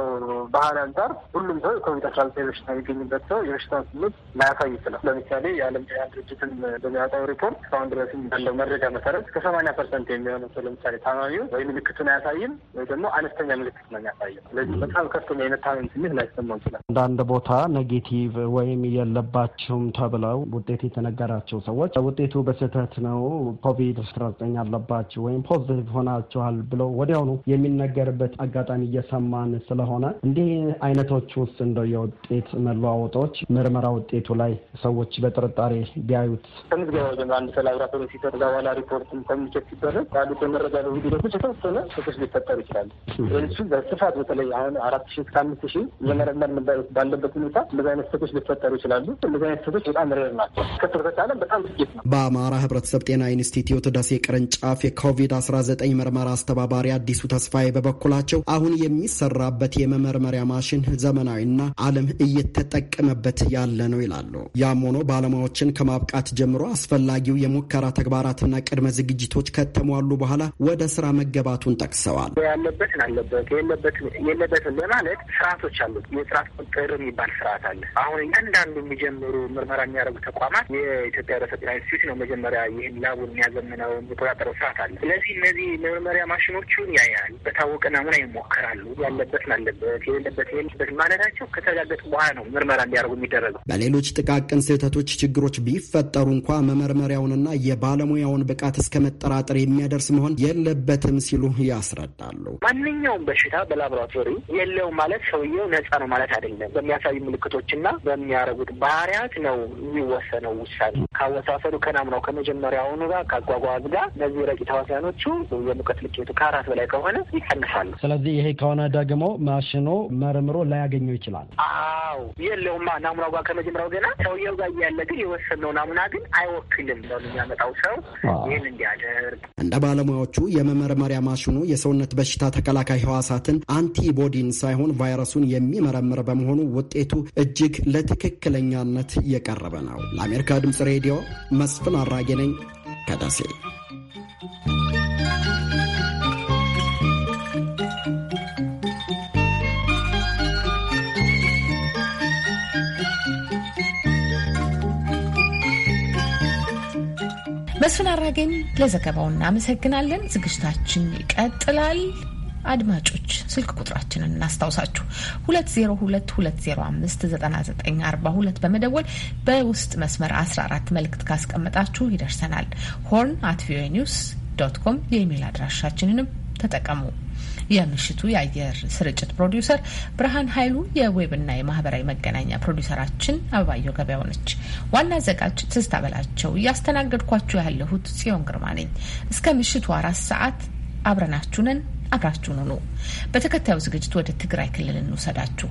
ባህር አንጻር ሁሉም ሰው የኮቪድ አስራዘጠኝ በሽታ የሚገኝበት ሰው የበሽታ ስምት ላያሳይ ይችላል። ለምሳሌ የዓለም ጤና ድርጅትን በሚያወጣው ሪፖርት እስካሁን ድረስ ያለው መረጃ መሰረት ከሰማኒያ ፐርሰንት የሚሆነው ሰው ለምሳሌ ታማሚው ወይ ምልክቱን አያሳይም ወይ ደግሞ አነስተኛ ምልክት ነው የሚያሳየው። ስለዚህ በጣም ከፍተኛ የመታመም ስሜት ላይሰማው ይችላል። አንዳንድ ቦታ ኔጌቲቭ ወይም የለባቸውም ተብለው ውጤት የተነገራቸው ሰዎች ውጤቱ በስህተት ነው ኮቪድ አስራ ዘጠኝ አለባቸው ወይም ፖዚቲቭ ሆናችኋል ብለው ወዲያውኑ የሚነገርበት አጋጣሚ እየሰማን ስለሆነ እንዲህ አይነቶች ውስጥ እንደው የውጤት መለዋወጦች ምርመራ ውጤቱ ላይ ሰዎች በጥርጣሬ ቢያዩት ከምዝገባ ጀምሮ አንድ ሰው ላብራቶሪ በኋላ ኮሚኒኬት ሲደረግ የመረጃ ሂደቶች የተወሰነ ስቶች ሊፈጠሩ እሱ በስፋት በተለይ አሁን አራት ሺ እስከ አምስት ሺ እየመረመር ባለበት ሁኔታ እንደዚህ አይነት ስቶች ሊፈጠሩ ይችላሉ። እንደዚህ አይነት ስቶች በጣም ናቸው። በጣም ነው። በአማራ ህብረተሰብ ጤና ኢንስቲትዩት ደሴ ቅርንጫፍ የኮቪድ-19 ምርመራ አስተባባሪ አዲሱ ተስፋዬ በበኩላቸው አሁን የሚሰራበት የመመርመሪያ ማሽን ዘመናዊና ዓለም እየ እየተጠቀመበት ያለ ነው ይላሉ። ያም ሆኖ ባለሙያዎችን ከማብቃት ጀምሮ አስፈላጊው የሙከራ ተግባራትና ቅድመ ዝግጅቶች ከተሟሉ በኋላ ወደ ስራ መገባቱን ጠቅሰዋል። ያለበትን አለበት የለበትን በማለት ስርዓቶች አሉ። የስርዓት ቁጥር የሚባል ስርዓት አለ። አሁን እያንዳንዱ የሚጀምሩ ምርመራ የሚያደርጉ ተቋማት የኢትዮጵያ ሕብረተሰብ ጤና ኢንስቲትዩት ነው መጀመሪያ ይህን ላቡን የሚያዘምነው የሚቆጣጠረው ስርዓት አለ። ስለዚህ እነዚህ መመሪያ ማሽኖቹን ያያል። በታወቀ ናሙና ይሞከራሉ። ያለበትን አለበት የለበት የለበት ማለታቸው ከተረጋገጡ በኋላ ነው ምርመራ እንዲያደርጉ የሚደረገው። በሌሎች ጥቃቅን ስህተቶች ችግሮች ቢፈጠሩ እንኳ መመርመሪያውንና የባለሙያውን ብቃት እስከ መጠራጠር የሚያደርስ መሆን የለበትም ሲሉ ያስረዳሉ። ማንኛውም በሽታ በላቦራቶሪ የለውም ማለት ሰውየው ነጻ ነው ማለት አይደለም። በሚያሳዩ ምልክቶችና በሚያደርጉት ባህሪያት ነው የሚወሰነው ውሳኔ። ካወሳሰዱ ከናሙናው ከመጀመሪያውኑ ጋር ከአጓጓዝ ጋር እነዚህ ረቂ ተዋሲያኖቹ የሙቀት ልኬቱ ከአራት በላይ ከሆነ ይቀንሳሉ። ስለዚህ ይሄ ከሆነ ደግሞ ማሽኖ መርምሮ ላያገኘው ይችላል። ናሙናው የለውማ። ናሙናው ጋር ከመጀመሪያው ገና ሰውየው ጋር እያለ ግን የወሰነው ናሙና ግን አይወክልም ነው የሚያመጣው ሰው ይህን እንዲያደርግ። እንደ ባለሙያዎቹ የመመርመሪያ ማሽኑ የሰውነት በሽታ ተከላካይ ህዋሳትን አንቲቦዲን ሳይሆን ቫይረሱን የሚመረምር በመሆኑ ውጤቱ እጅግ ለትክክለኛነት የቀረበ ነው። ለአሜሪካ ድምጽ ሬዲዮ መስፍን አራጌ ነኝ ከደሴ። መስፍን አራገኝ ለዘገባው እናመሰግናለን። ዝግጅታችን ይቀጥላል። አድማጮች ስልክ ቁጥራችንን እናስታውሳችሁ 2022059942 በመደወል በውስጥ መስመር 14 መልእክት ካስቀመጣችሁ ይደርሰናል። ሆርን አት ቪኦኤ ኒውስ ዶት ኮም የኢሜይል አድራሻችንንም ተጠቀሙ። የምሽቱ የአየር ስርጭት ፕሮዲውሰር ብርሃን ኃይሉ፣ የዌብና የማህበራዊ መገናኛ ፕሮዲውሰራችን አበባየው ገበያው ነች። ዋና አዘጋጅ ትዝታ በላቸው፣ እያስተናገድኳችሁ ያለሁት ጽዮን ግርማ ነኝ። እስከ ምሽቱ አራት ሰዓት አብረናችሁንን አብራችሁን ሁኑ። በተከታዩ ዝግጅት ወደ ትግራይ ክልል እንውሰዳችሁ።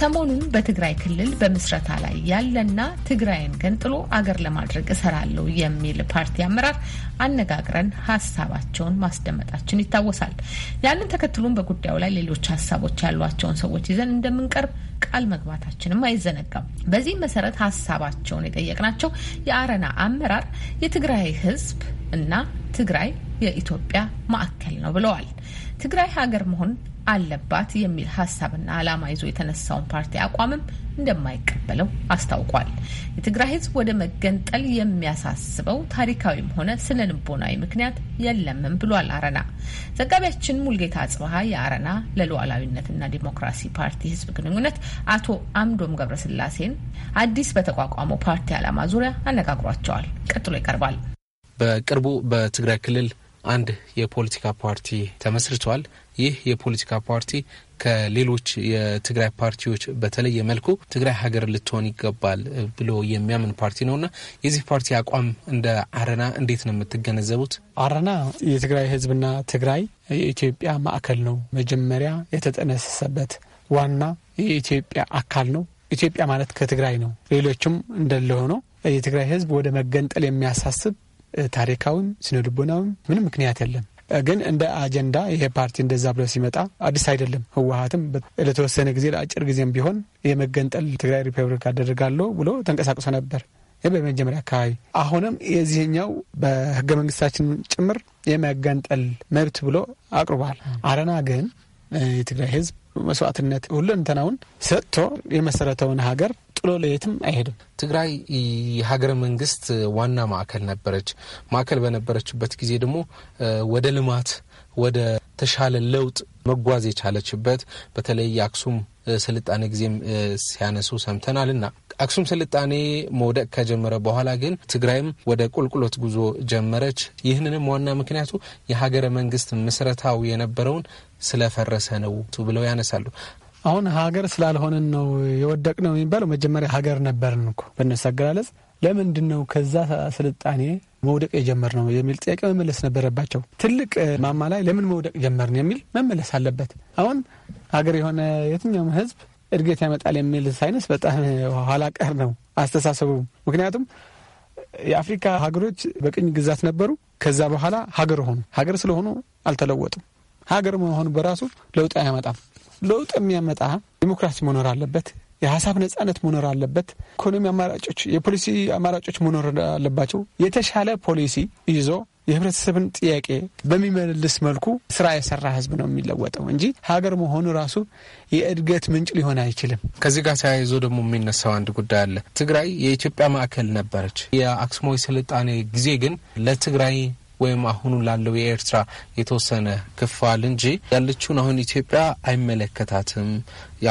ሰሞኑን በትግራይ ክልል በምስረታ ላይ ያለና ትግራይን ገንጥሎ አገር ለማድረግ እሰራለሁ የሚል ፓርቲ አመራር አነጋግረን ሀሳባቸውን ማስደመጣችን ይታወሳል። ያንን ተከትሎም በጉዳዩ ላይ ሌሎች ሀሳቦች ያሏቸውን ሰዎች ይዘን እንደምንቀርብ ቃል መግባታችንም አይዘነጋም። በዚህ መሰረት ሀሳባቸውን የጠየቅናቸው የአረና አመራር የትግራይ ህዝብ እና ትግራይ የኢትዮጵያ ማዕከል ነው ብለዋል። ትግራይ ሀገር መሆን አለባት የሚል ሀሳብና ዓላማ ይዞ የተነሳውን ፓርቲ አቋምም እንደማይቀበለው አስታውቋል። የትግራይ ሕዝብ ወደ መገንጠል የሚያሳስበው ታሪካዊም ሆነ ስነ ልቦናዊ ምክንያት የለምም ብሏል አረና። ዘጋቢያችን ሙልጌታ አጽበሀ የአረና ለሉዓላዊነትና ዲሞክራሲ ፓርቲ ሕዝብ ግንኙነት አቶ አምዶም ገብረስላሴን አዲስ በተቋቋመው ፓርቲ ዓላማ ዙሪያ አነጋግሯቸዋል። ቀጥሎ ይቀርባል። በቅርቡ በትግራይ ክልል አንድ የፖለቲካ ፓርቲ ተመስርቷል። ይህ የፖለቲካ ፓርቲ ከሌሎች የትግራይ ፓርቲዎች በተለየ መልኩ ትግራይ ሀገር ልትሆን ይገባል ብሎ የሚያምን ፓርቲ እና የዚህ ፓርቲ አቋም እንደ አረና እንዴት ነው የምትገነዘቡት? አረና የትግራይ ህዝብና ትግራይ የኢትዮጵያ ማዕከል ነው። መጀመሪያ የተጠነሰሰበት ዋና የኢትዮጵያ አካል ነው። ኢትዮጵያ ማለት ከትግራይ ነው። ሌሎችም እንደለሆነው። የትግራይ ህዝብ ወደ መገንጠል የሚያሳስብ ታሪካዊም ስነ ልቦናዊም ምንም ምክንያት የለም። ግን እንደ አጀንዳ ይሄ ፓርቲ እንደዛ ብሎ ሲመጣ አዲስ አይደለም። ህወሀትም ለተወሰነ ጊዜ ለአጭር ጊዜም ቢሆን የመገንጠል ትግራይ ሪፐብሊክ አደርጋለሁ ብሎ ተንቀሳቅሶ ነበር። በመጀመሪያ አካባቢ አሁንም የዚህኛው በህገ መንግስታችን ጭምር የመገንጠል መብት ብሎ አቅርቧል። አረና ግን የትግራይ ህዝብ መስዋዕትነት እንተናውን ሰጥቶ የመሰረተውን ሀገር ጥሎ ለየትም አይሄድም። ትግራይ የሀገረ መንግስት ዋና ማዕከል ነበረች። ማዕከል በነበረችበት ጊዜ ደግሞ ወደ ልማት ወደ ተሻለ ለውጥ መጓዝ የቻለችበት በተለይ የአክሱም ስልጣኔ ጊዜም ሲያነሱ ሰምተናል እና አክሱም ስልጣኔ መውደቅ ከጀመረ በኋላ ግን ትግራይም ወደ ቁልቁሎት ጉዞ ጀመረች። ይህንንም ዋና ምክንያቱ የሀገረ መንግስት ምስረታው የነበረውን ስለፈረሰ ነው ብለው ያነሳሉ። አሁን ሀገር ስላልሆነን ነው የወደቅ ነው የሚባለው። መጀመሪያ ሀገር ነበርን እኮ በእነሱ አገላለጽ። ለምንድን ነው ከዛ ስልጣኔ መውደቅ የጀመር ነው የሚል ጥያቄ መመለስ ነበረባቸው። ትልቅ ማማ ላይ ለምን መውደቅ ጀመርን የሚል መመለስ አለበት። አሁን ሀገር የሆነ የትኛውም ህዝብ እድገት ያመጣል የሚል ሳይነስ በጣም ኋላ ቀር ነው አስተሳሰቡ። ምክንያቱም የአፍሪካ ሀገሮች በቅኝ ግዛት ነበሩ። ከዛ በኋላ ሀገር ሆኑ። ሀገር ስለሆኑ አልተለወጡም። ሀገር መሆኑ በራሱ ለውጥ አያመጣም። ለውጥ የሚያመጣ ዲሞክራሲ መኖር አለበት። የሀሳብ ነጻነት መኖር አለበት። ኢኮኖሚ አማራጮች፣ የፖሊሲ አማራጮች መኖር አለባቸው። የተሻለ ፖሊሲ ይዞ የህብረተሰብን ጥያቄ በሚመልስ መልኩ ስራ የሰራ ህዝብ ነው የሚለወጠው እንጂ ሀገር መሆኑ ራሱ የእድገት ምንጭ ሊሆን አይችልም። ከዚህ ጋር ተያይዞ ደግሞ የሚነሳው አንድ ጉዳይ አለ። ትግራይ የኢትዮጵያ ማዕከል ነበረች። የአክሱማዊ ስልጣኔ ጊዜ ግን ለትግራይ ወይም አሁኑን ላለው የኤርትራ የተወሰነ ክፋል እንጂ ያለችውን አሁን ኢትዮጵያ አይመለከታትም።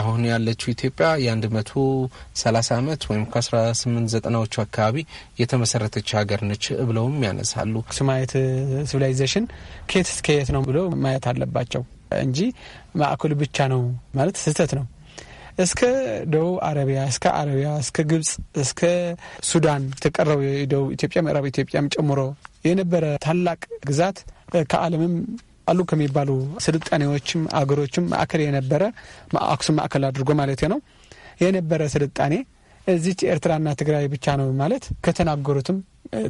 አሁን ያለችው ኢትዮጵያ የአንድ መቶ ሰላሳ አመት ወይም ከአስራ ስምንት ዘጠናዎቹ አካባቢ የተመሰረተች ሀገር ነች ብለውም ያነሳሉ። ስማየት ሲቪላይዜሽን ከየት እስከ የት ነው ብሎ ማየት አለባቸው እንጂ ማዕከሉ ብቻ ነው ማለት ስህተት ነው። እስከ ደቡብ አረቢያ እስከ አረቢያ እስከ ግብጽ እስከ ሱዳን የተቀረው የደቡብ ኢትዮጵያ ምዕራብ ኢትዮጵያም ጨምሮ የነበረ ታላቅ ግዛት ከዓለምም አሉ ከሚባሉ ስልጣኔዎችም አገሮችም ማዕከል የነበረ አክሱም ማዕከል አድርጎ ማለት ነው የነበረ ስልጣኔ እዚች ኤርትራና ትግራይ ብቻ ነው ማለት ከተናገሩትም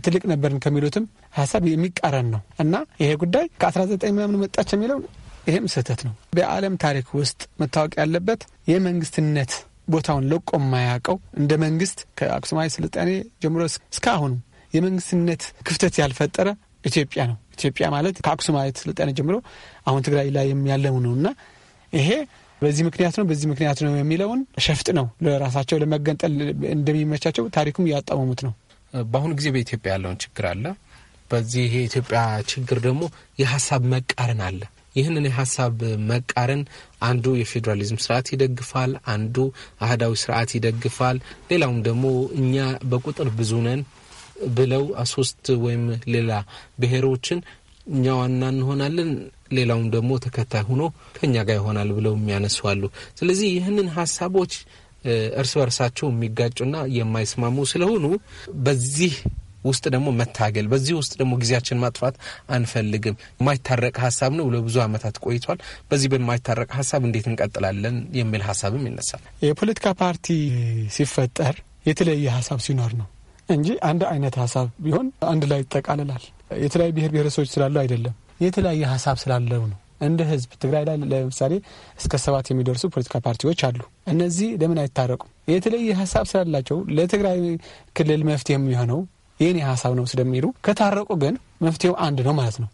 ትልቅ ነበርን ከሚሉትም ሀሳብ የሚቃረን ነው እና ይሄ ጉዳይ ከ19 ምናምን መጣች የሚለው ይህም ስህተት ነው። በዓለም ታሪክ ውስጥ መታወቅ ያለበት የመንግስትነት ቦታውን ለቆ የማያውቀው እንደ መንግስት ከአክሱማዊ ስልጣኔ ጀምሮ እስካሁኑ የመንግስትነት ክፍተት ያልፈጠረ ኢትዮጵያ ነው። ኢትዮጵያ ማለት ከአክሱማዊት ስልጣኔ ጀምሮ አሁን ትግራይ ላይ ያለው ነው እና ይሄ በዚህ ምክንያት ነው በዚህ ምክንያት ነው የሚለውን ሸፍጥ ነው ለራሳቸው ለመገንጠል እንደሚመቻቸው ታሪኩም እያጣመሙት ነው። በአሁኑ ጊዜ በኢትዮጵያ ያለውን ችግር አለ። በዚህ የኢትዮጵያ ችግር ደግሞ የሀሳብ መቃረን አለ። ይህንን የሀሳብ መቃረን አንዱ የፌዴራሊዝም ስርዓት ይደግፋል፣ አንዱ አህዳዊ ስርዓት ይደግፋል፣ ሌላውም ደግሞ እኛ በቁጥር ብዙ ነን ብለው ሶስት ወይም ሌላ ብሔሮችን እኛ ዋና እንሆናለን ሌላውም ደግሞ ተከታይ ሆኖ ከእኛ ጋር ይሆናል ብለው የሚያነሱ አሉ። ስለዚህ ይህንን ሀሳቦች እርስ በርሳቸው የሚጋጩና የማይስማሙ ስለሆኑ በዚህ ውስጥ ደግሞ መታገል በዚህ ውስጥ ደግሞ ጊዜያችን ማጥፋት አንፈልግም። የማይታረቅ ሀሳብ ነው፣ ለብዙ አመታት ቆይቷል። በዚህ በማይታረቅ ሀሳብ እንዴት እንቀጥላለን የሚል ሀሳብም ይነሳል። የፖለቲካ ፓርቲ ሲፈጠር የተለያየ ሀሳብ ሲኖር ነው እንጂ አንድ አይነት ሀሳብ ቢሆን አንድ ላይ ይጠቃልላል። የተለያዩ ብሔር ብሔረሰቦች ስላለው አይደለም፣ የተለያየ ሀሳብ ስላለው ነው። እንደ ህዝብ ትግራይ ላይ ለምሳሌ እስከ ሰባት የሚደርሱ ፖለቲካ ፓርቲዎች አሉ። እነዚህ ለምን አይታረቁም? የተለየ ሀሳብ ስላላቸው ለትግራይ ክልል መፍትሄ የሚሆነው የኔ ሀሳብ ነው ስለሚሉ ከታረቁ ግን መፍትሄው አንድ ነው ማለት ነው።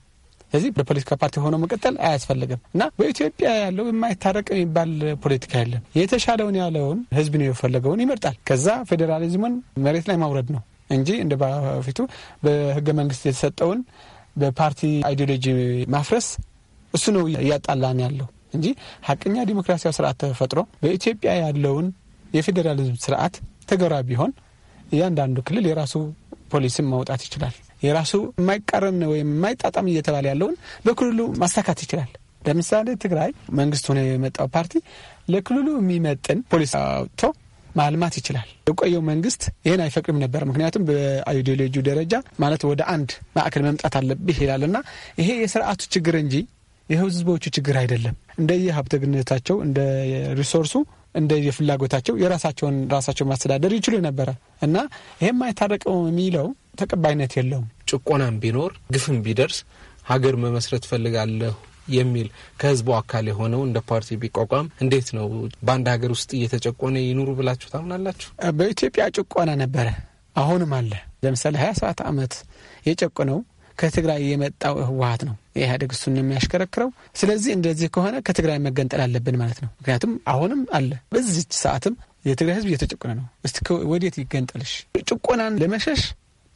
ስለዚህ በፖለቲካ ፓርቲ ሆኖ መቀጠል አያስፈልግም እና በኢትዮጵያ ያለው የማይታረቅ የሚባል ፖለቲካ የለም። የተሻለውን ያለውን ህዝብ ነው የፈለገውን ይመርጣል። ከዛ ፌዴራሊዝምን መሬት ላይ ማውረድ ነው እንጂ እንደ በፊቱ በህገ መንግስት የተሰጠውን በፓርቲ አይዲዮሎጂ ማፍረስ እሱ ነው እያጣላን ያለው እንጂ ሀቀኛ ዲሞክራሲያዊ ስርዓት ተፈጥሮ በኢትዮጵያ ያለውን የፌዴራሊዝም ስርዓት ተገራ ቢሆን እያንዳንዱ ክልል የራሱ ፖሊሲም ማውጣት ይችላል። የራሱ የማይቃረን ወይም የማይጣጣም እየተባለ ያለውን በክልሉ ማሳካት ይችላል። ለምሳሌ ትግራይ መንግስት ሆነ የመጣው ፓርቲ ለክልሉ የሚመጥን ፖሊሲ አውጥቶ ማልማት ይችላል። የቆየው መንግስት ይህን አይፈቅድም ነበር። ምክንያቱም በአይዲዮሎጂ ደረጃ ማለት ወደ አንድ ማዕከል መምጣት አለብህ ይላልና ይሄ የስርዓቱ ችግር እንጂ የህዝቦቹ ችግር አይደለም። እንደየ ሀብተግነታቸው እንደ ሪሶርሱ እንደ የፍላጎታቸው የራሳቸውን ራሳቸው ማስተዳደር ይችሉ ነበረ እና ይሄ አይታረቀው የሚለው ተቀባይነት የለውም። ጭቆናም ቢኖር ግፍም ቢደርስ ሀገር መመስረት ፈልጋለሁ የሚል ከህዝቡ አካል የሆነው እንደ ፓርቲ ቢቋቋም እንዴት ነው በአንድ ሀገር ውስጥ እየተጨቆነ ይኑሩ ብላችሁ ታምናላችሁ? በኢትዮጵያ ጭቆና ነበረ፣ አሁንም አለ። ለምሳሌ ሀያ ሰባት ዓመት የጨቆነው ከትግራይ የመጣው ህወሀት ነው። ኢህአዴግ እሱን የሚያሽከረክረው። ስለዚህ እንደዚህ ከሆነ ከትግራይ መገንጠል አለብን ማለት ነው። ምክንያቱም አሁንም አለ፣ በዚች ሰዓትም የትግራይ ህዝብ እየተጨቆነ ነው። እስቲ ወዴት ይገንጠልሽ? ጭቆናን ለመሸሽ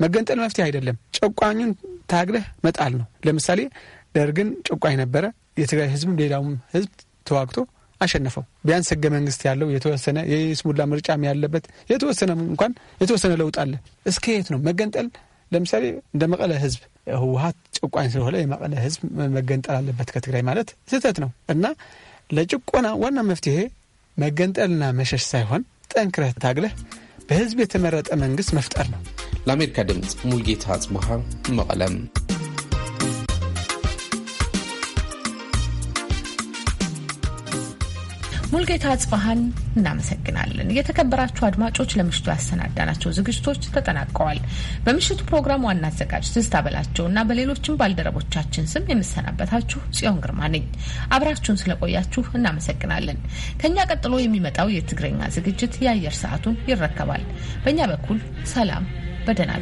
መገንጠል መፍትሄ አይደለም። ጨቋኙን ታግለህ መጣል ነው። ለምሳሌ ደርግን ጨቋኝ ነበረ። የትግራይ ህዝብም ሌላውም ህዝብ ተዋግቶ አሸነፈው። ቢያንስ ህገ መንግስት ያለው የተወሰነ የስሙላ ምርጫም ያለበት የተወሰነ እንኳን የተወሰነ ለውጥ አለ። እስከ የት ነው መገንጠል? ለምሳሌ እንደ መቀለ ህዝብ ህወሀት ጭቋኝ ስለሆነ የመቀለ ህዝብ መገንጠል አለበት ከትግራይ ማለት ስህተት ነው እና ለጭቆና ዋና መፍትሄ መገንጠልና መሸሽ ሳይሆን ጠንክረህ ታግለህ በህዝብ የተመረጠ መንግስት መፍጠር ነው። ለአሜሪካ ድምፅ ሙልጌታ አጽብሃ መቐለም ሙልጌታ አጽባሃን እናመሰግናለን። የተከበራችሁ አድማጮች ለምሽቱ ያሰናዳናቸው ዝግጅቶች ተጠናቀዋል። በምሽቱ ፕሮግራም ዋና አዘጋጅ ትዝታ እና በሌሎችም ባልደረቦቻችን ስም የምሰናበታችሁ ጽዮን ግርማ ነኝ። አብራችሁን ስለቆያችሁ እናመሰግናለን። ከእኛ ቀጥሎ የሚመጣው የትግረኛ ዝግጅት የአየር ሰዓቱን ይረከባል። በእኛ በኩል ሰላም በደህና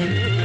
I don't.